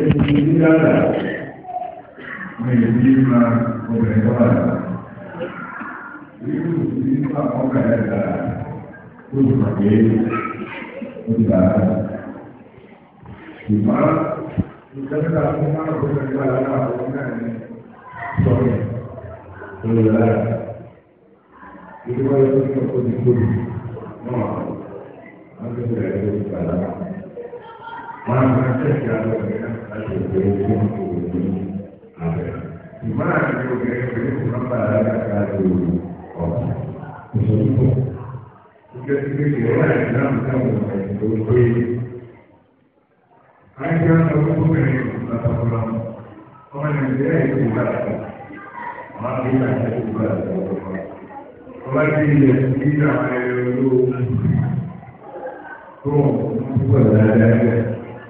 ẹni ní dára wọn yẹ bí ma obìnrin tó wà lára irú nípa ọkà ẹ̀ dára ó ti pàdé ó ti dára ṣùgbọ́n ìjọba tó máa ń bọ̀ nípa lára àwọn náà ní sọ́ọ̀rọ̀ tó lè lára ìdíwọ́ yẹn tó ní ọkọ̀ ní kóòtù náà wọ́n ti bẹ̀rẹ̀ lórí ìgbà lára máa ń bá tẹ̀sí àlọ́ rẹ̀ láti ìgbé tí wọ́n ti wò ní abẹ́. ìmáà ní obìnrin obìnrin kò máa ń bá alága lò ọ̀pọ̀ òṣèlú. Ìjọ ti gbé ìwọ́n àti ìdáhùn táwọn ọ̀rọ̀ ìlú pé àìsàn ọ̀sán gbogbo obìnrin lọ́sọ̀kọ́lọ́ ọmọ Nàìjíríà yìí kò gbà lọ. Àwọn akéwà ti kò gbà lọ ọ̀pọ̀. Ọba ti ilẹ̀ sí àwọn ẹ̀rọ olóògùn tó wọ́n kú pẹ̀lú ẹ̀rẹ́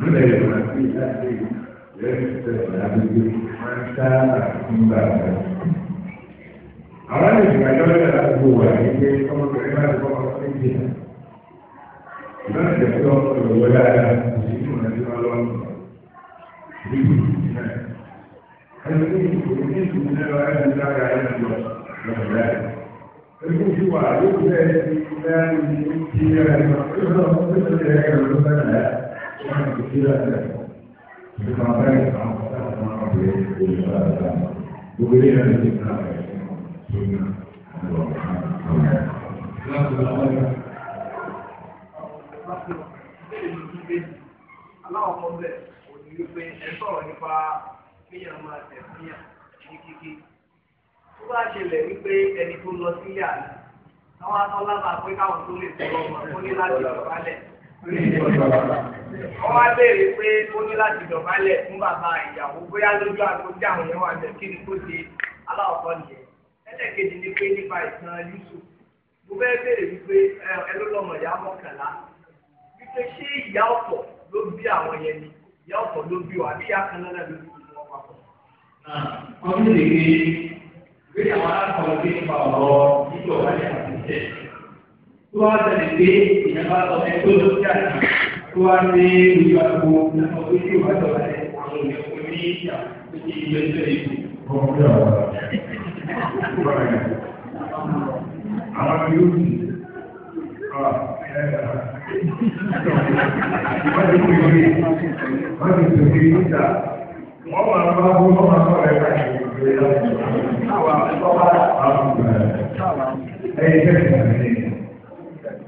nílẹ̀ àwọn ènìyàn yọ lẹ́yìn àdúgbò wà ní pé ọmọbìnrin máa ń bọ́ ọmọ sí ìdíyà. ìbára jẹ́ pé ọmọ ìwé dáadáa kò sí ìmọ̀ ẹ̀dí wọn lọ́nà. ẹni tí ìwé ní ìtumọ̀ ẹ̀rọ ẹ̀dí dára ẹ̀dí lọ lọ́wọ́ rẹ̀. ẹni wà ló bẹ́ẹ̀ ti bẹ́ẹ̀ ní ti ẹ̀rọ ẹ̀dí lọ́wọ́ Aláwọ̀ àwọn atọ́lá máa pé káwọn tó lè tọ́lọ́ ọmọ tó ní láti lọ bálẹ̀ wọ́n wá béèrè pé ó ní láti dọ̀bálẹ̀ fún bàbá ìyàwó bóyá lójú àgbo àwọn yẹn wà kí ni kó ṣe aláwọ̀kọ́ nìyẹn ẹlẹ́ẹ̀kejì ni pé nípa ìtàn Yusuf mo fẹ́ béèrè wípé ẹ ìyá mọ́kànlá wípé ṣé ìyá ọ̀pọ̀ ló bí àwọn yẹn ni ìyá ọ̀pọ̀ ló bí wa bí ìyá kan náà ló bí wọn papọ̀. wọ́n ti gbé àwọn alákọ̀ọ́ tó wá tẹ̀lé pé ìyẹn bá sọ tó ló jà ní tó wá ní ìlú àgbo lọ́wọ́ pé tí ìwà jọba rẹ̀ àwọn èèyàn kò ní ìjà tó ti yẹ ẹjọ́ ìlú. Àwọn yóò sì wọ́n ah, ti pè mí wọ́n ti pè mí níta wọ́n máa ń bá wọ́n máa ń sọ̀rọ̀ ẹ̀ka ìgbésẹ̀ láti ọ̀hún. Ẹ̀yin tẹ̀sán ẹ̀yìn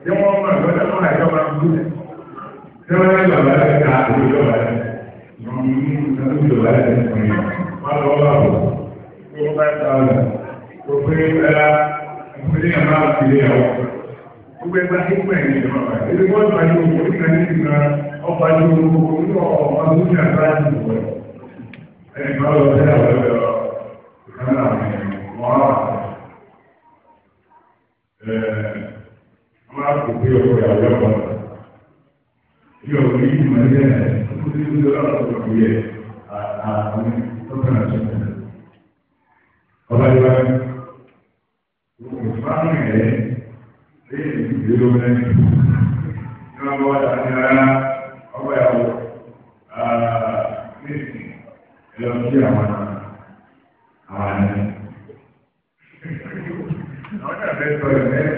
tí wọ́n mọ̀ lọ́dọ̀ wọn àjọ máa ń bú rẹ̀. Tí wọ́n lé bàbá rẹ̀ ká àbúrò ìjọba rẹ̀. Ìwọ̀n mi ní ìtàn ìjọba rẹ̀ ti pè é. Wọ́n lọ wà wò. Kó o bá ta ọ̀rọ̀. Kò pé ẹ̀la ìpínlẹ̀ yẹn máa fi lé ọ̀. Gbogbo ẹgbẹ́ akẹ́kọ̀ọ́ ẹ̀ ní ìjọba rẹ̀. Ebi wọ́n fà yóò wò ní ìkànnì ìgbà ọ̀fà yóò wò ní ọ̀fà tó ní àgbáyé ìwọ̀ ẹ̀. Ẹni máa lọ sí àwọn ẹgbẹ́ wọ́n kò pé ọkọ̀ ìyàwó ọ̀pọ̀ yóò rí ìmọ̀ ní ẹ̀ kó tí ó lọ́wọ́ ọ̀pọ̀ kò yẹ àwọn ọ̀pọ̀ náà ṣe tẹ̀lé. ọba ìwà òkè fáwọn ẹ̀ lẹ́yìn ìgbé lórí ẹni ní wọ́n bọ́ ọ̀dà ní ara ọba ìyàwó ní ẹ̀rọ sí àwọn àwọn ẹni. àwọn ìyàwó ẹ̀ sọ̀rọ̀ mẹ́rin.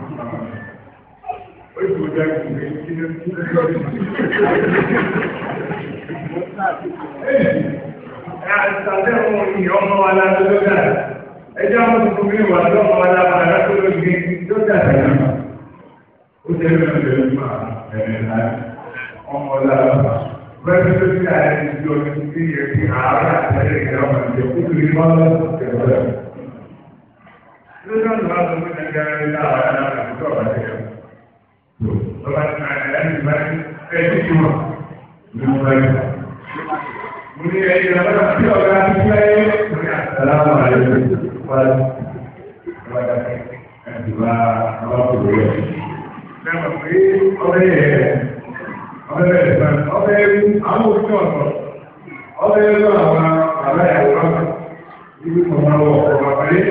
Àtàlẹ́ wọn ni ọmọ wa la ló dà. Ẹjọ́ àwọn tuntun mi wà ló ọmọ wa la wà lá tó lóye ló dà sẹ́yìn. Ó jẹ́ ẹgbẹ́ ìgbẹ́ nípa ẹ̀rẹ̀ náà. Ọmọ la wà. Bẹ́ẹ̀ni tó ti àyè ìjọ ní ti yẹ kí àárẹ̀ àtẹ̀lẹ̀ ìjà wà ní ìjọ kó kiri máa lọ sí ẹ̀rọ rẹ̀. Lọ́jọ́ ìwádìí ló ń gbẹ́gbẹ́ ní àwọn ará àtúntò ọ̀rọ̀ ẹ̀yọ́ ọba tí a yà ní ìgbà tí ẹ ti ti wà ní mo bá yà. mo ní ẹyẹ ọba tí ọba ti fẹ́ mo ní àtàlámà rẹ wá wá dá ẹ̀dùn wá wá kò lóyè. lẹ́nu pé ọbẹ̀ yẹ ọbẹ̀ bẹ̀rẹ̀ fún ọbẹ̀ ewu àwọn òfin ọ̀sán ọbẹ̀ ewu àwọn àbá ìyàwó ọ̀sán ibi kan máa wọ ọ̀pọ̀ bàbá yẹ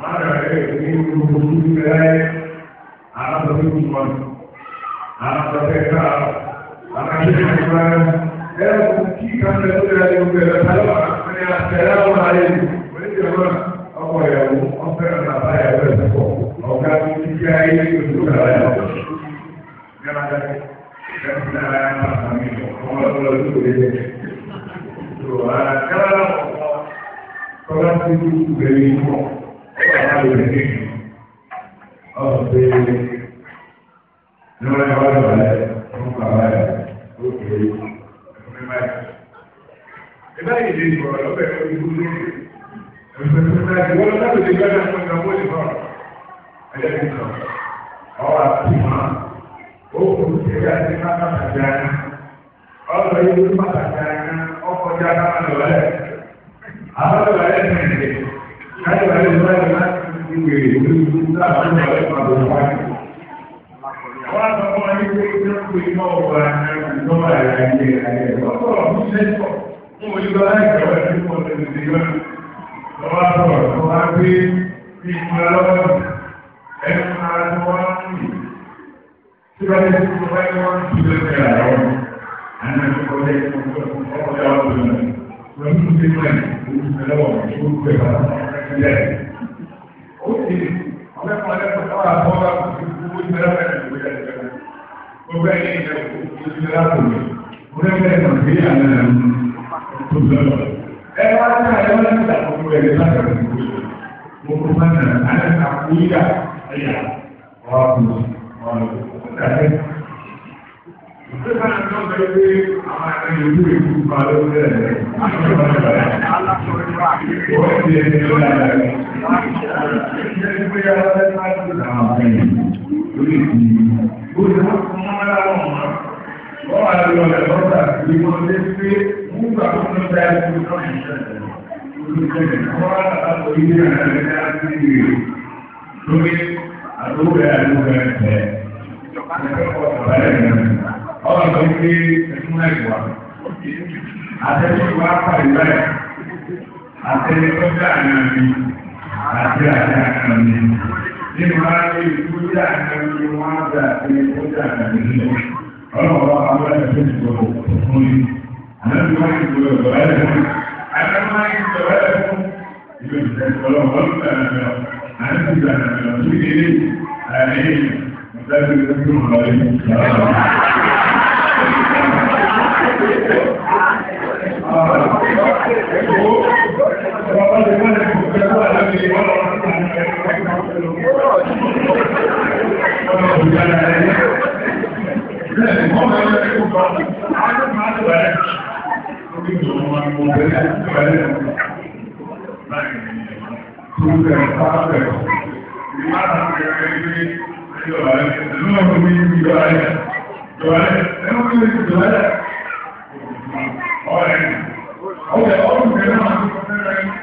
máa rà ẹ̀ ní gbogbo ìgbà yẹ àwọn ọ̀sán tó ń bọ̀ anatoteka anashirika leo kukika mbele ya mbele salama kufanya salamu alayhi wengi wana hapo ya ofera na baya wewe sako au kama ukikia ili kutoka leo kana kana kana na mimi kama ndio ndio ndio ní wọ́n yà wọ́n lọ́lẹ̀ fún bàbá rẹ̀ ó pè é ẹ̀fún mímá yìí. ìbá yìí lè sọ̀rọ̀ lọ́bẹ̀ tó ti kúrò lórí ẹ̀fún mímá yìí wọ́n lọ́dọ̀ lè gbọ́dọ̀ fún ọ̀nà wọ́n lè bọ̀ ẹ̀yẹ ti sọ ọwọ́ àti mọ́ ó kù síbi àti má pàtàkì àná ọ̀rọ̀ yìí ló pàtàkì àná ọkọ̀ já náà wọ́n sọ fún ọdún pé kí ó pè mọ́ ọ̀wà nọ́mbà àlàyé àyẹ̀ lọ́sọ̀rọ̀ fún sẹ́tọ̀ fún olùdó àìsàn tí mo ti ti yọ lọ́wọ́ sọ̀rọ̀ tó wá pé kí n máa lọ́wọ́ ẹnu máa tó wá ń rìn tí wọ́n ti ti wọ́n ti wọ́n ti lọ́sẹ̀ àlọ́ àná tó kọjá ọkọ̀já ọ̀gbìn lọ́wọ́ ti mọ̀ ẹ̀ olùsọ̀lọ́wọ́ tó gbé wa ó ti tó bẹ́ẹ̀ ní ìjẹ̀kù tó ti lápò mi mo fẹ́ bẹ́ẹ̀ tàn sí àná ẹ̀ tó sọ̀rọ̀ ẹ wá ní àyọ̀ ní ìdàkùnkùn ẹ̀ nípa ìdàkùnkùn mo kó má nà àná àpò yíyà ẹ̀yà ọ̀rọ̀ kù ọ̀rọ̀ kù dàbẹ́. Ìjọba náà tó bẹ̀rẹ̀ pé àwọn àgbẹ̀ yòókù rẹ̀. Ìjọba náà múra wọn mọ́. Wọ́n wà lọ ọ̀rẹ́ lọ́sà ní wọ́n lé pé wọ́n gbà tó ń da ẹ̀kú náà ń ṣẹlẹ̀. Olùsẹ̀lẹ̀ wọ́n wá àpapọ̀ ilé rẹ̀ rẹ̀ dá sí ìrè lórí àlóòrẹ́ àlóòrẹ́ rẹ̀. Ọ̀rọ̀ ló ń gbé ẹ̀kún ẹ̀wà. Àtẹ̀lé wa pàdé báyìí. Àtẹ̀lé tó dá àná mi. Àti àti àná mi. nínú ayé ìdúgbòjì àìmọye wọn àgbà àti ìdúgbòjì àìmọye nílẹ̀ ọlọ́wọ́ àwọn ẹ̀fẹ́ ìgbòho fún yìí àlejò wọn ìgbòho ìgbòho ẹ̀fẹ́ àlejò wọn ìgbòho ẹ̀fẹ́ ìgbòho ìgbòho ọlọ́wọ́ ọlọ́wọ́ àlejò ìgbòho àìmọye tó ní ilé àìyé ìdájọ́ ìdájọ́ ìdájọ́ ìdájọ́ Thank you. Ọ̀rẹ́ ọdún kẹrẹ máa ń sọ fẹ́rẹ́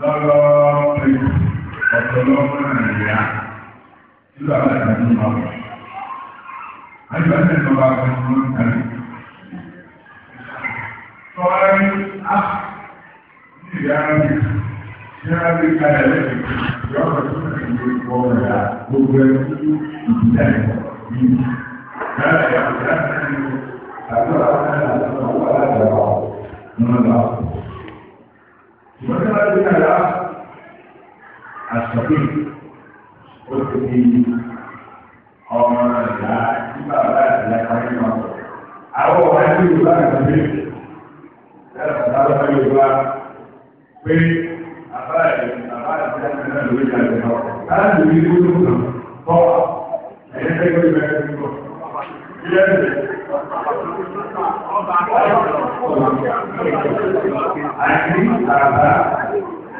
lọ́lọ́ ọ̀pọ̀lọpọ̀ nàìjíríà nílò àwọn ìdájọ́ máa wọ̀. Àjọṣe ìjọba àgbẹ̀sọ̀ ló ń Sọ́wárí á ní ìyá rẹ̀ ní rẹ̀ kalẹ̀ lẹ́yìn ìyọ́pọ̀ tó ń tẹ̀lé ìgbọ́ ọ̀rẹ́ à gbogbo ẹni ìbílẹ̀ yìí. Yàrá ìyàwó yàrá ìyàwó àti ọ̀rọ̀ àwọn ẹ̀rọ àwọn ọ̀rọ̀ àwọn ọ̀rọ̀ Sementara kita adalah asli untuk di orang dah kita dah dah kami mampu. Awak hanya juga asli. Dalam dalam kami juga pun apa apa kita kena dulu jadi kau. Kalau dulu dulu kau, kau, saya tak boleh beritahu. Ia Àti àbá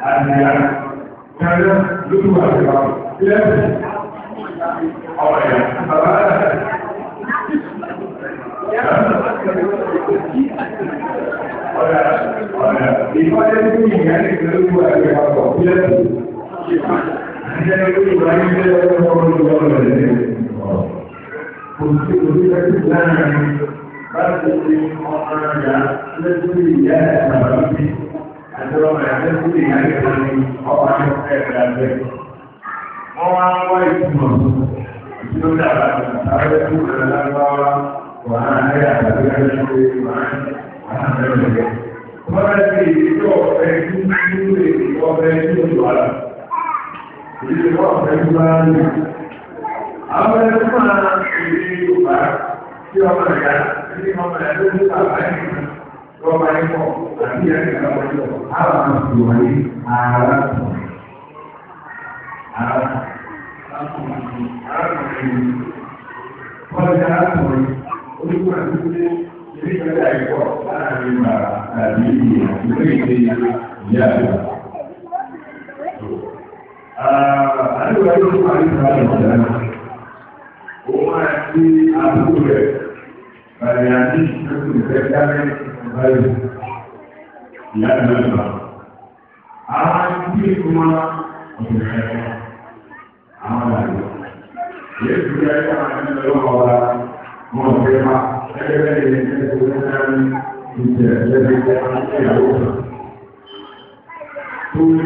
àdìyà kẹrẹ lójú àdìyà ilẹ̀ ọ̀rẹ́ bàbá ní lójú àdìyà ọ̀pọ̀ ilẹ̀ òṣìṣẹ́ òṣìṣẹ́ ti láàrin báyìí ti ọmọ ìyá lẹ́sùn ìyá ẹ̀ka lọ́sí àti ọmọ ìyá lẹ́sùn ìyá ẹ̀ka ní ọmọ ẹ̀ka ẹ̀ka wọ́n wá wá ìtumọ̀ ìtumọ̀ dàgbà àwọn ẹ̀kú rẹ̀ lágbára wà á ní àgbàdo ẹ̀ṣọ́ wà á ní ẹ̀ṣọ́ wọ́n bá ti ìdíjọ́ ọ̀fẹ́ nínú èdè ọ̀fẹ́ nínú ìwà ìdíjọ́ ọ̀fẹ́ nínú àwọn ẹni tó máa ìrírí yorùbá tí ọmọ ẹ̀yà ní ọmọ ẹ̀yà ló ní bàbá ẹ̀yìn náà lọ́ba ẹ̀kọ́ àti ẹ̀yìn náà wọ́n yọ àwọn àwọn ìwà ní ara ara arákùnrin kọjá arákùnrin olùkọ́ àti ilé ilé ìgbàlá ẹ̀kọ́ láàrin bàbá àti ìlú ìdè ìyá àgbà. Àdúrà yóò parí ìgbàlá ìgbàlá òun àti àbúrò rẹ̀ bàrẹ̀ àti ìṣẹ́kù rẹ̀ dálẹ́ báyìí ìyá ìlànà. Àwọn tí ó máa ọ̀sẹ̀ rẹ̀ àwọn àjọ. Yéèkù rẹ̀ yóò máa ń lọ ọ̀la mọ̀ ọ̀sẹ̀ máa ẹgbẹ́ ilé ẹgbẹ́ tó ń dá ní ìṣẹ̀ ẹgbẹ́ ìyàwó kan. Tó ní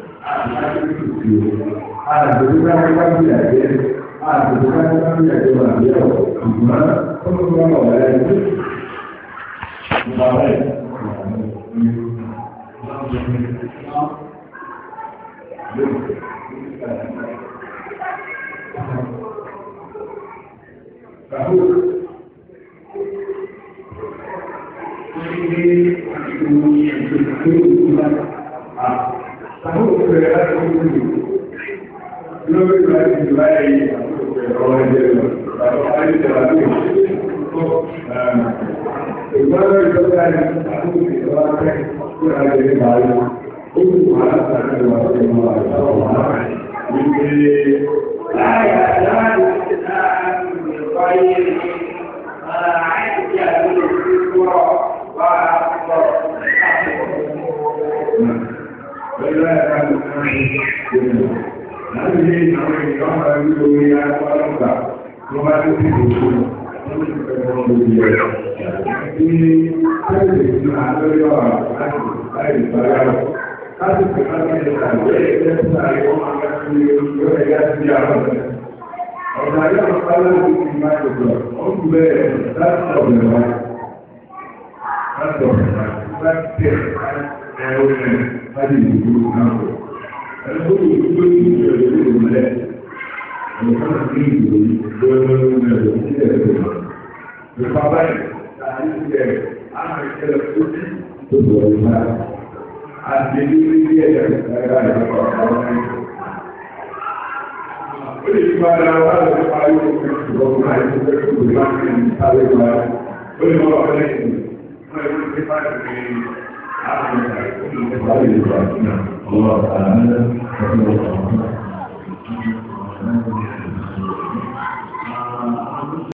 àtẹ̀síwájú wájú ìyàjẹ́ àtẹ̀síwájú wájú ìyàjẹ́ wà ní ọ̀ ṣùgbọ́n ó ń gbọ́n ọ̀rọ̀ ẹ̀ ní ìbáwẹ̀ Thank you. Àwọn òkúrẹ̀ láti ó kúrò lórí láti jù láyé ọ̀rọ̀ ẹ̀jẹ̀ lọ. Àwọn àìjẹ̀ láti ó ìgbọ́nà ìjọba ní àwọn ìjọba rẹ̀ kó láti ní báyìí. Ó kù wá láti wà ní ọmọ àjọ wà nígbé láyé àjáde láti ìwáyé àìjẹ̀ lórí kúrọ̀ wà á pọ̀ pẹ̀lú ẹ̀ka tó káàkiri ìgbìmọ̀. Láti lé Ọ̀nà yóò máa láti fi ó ń bẹ̀rẹ̀ láti ọ̀bẹ̀ Láti ọ̀bẹ̀ láti tẹ̀ ẹ̀rọ mẹ́rin láti lè dúró káàkó. Ẹgbẹ́ òkú tó ti ń bẹ̀rẹ̀ lórí mẹ́lẹ̀. kan ti ń bẹ̀rẹ̀ lórí mẹ́lẹ̀ sí ẹ̀rọ. Ìfà báyìí, àti ìṣẹ̀ àwọn ìṣẹ̀lẹ̀ tó ti tó bọ̀ ọ́ ìgbà. Àti ní ẹ̀yà ìgbàgbà ìgbàgbà ọ̀rọ̀ Ó lè gba ara wa lọ parí òfin ìṣòro náà ìṣòro tó lè máa ń sáré lè máa wà lẹ́yìn. Wọ́n lè fi pípa ìrìn الله تعالى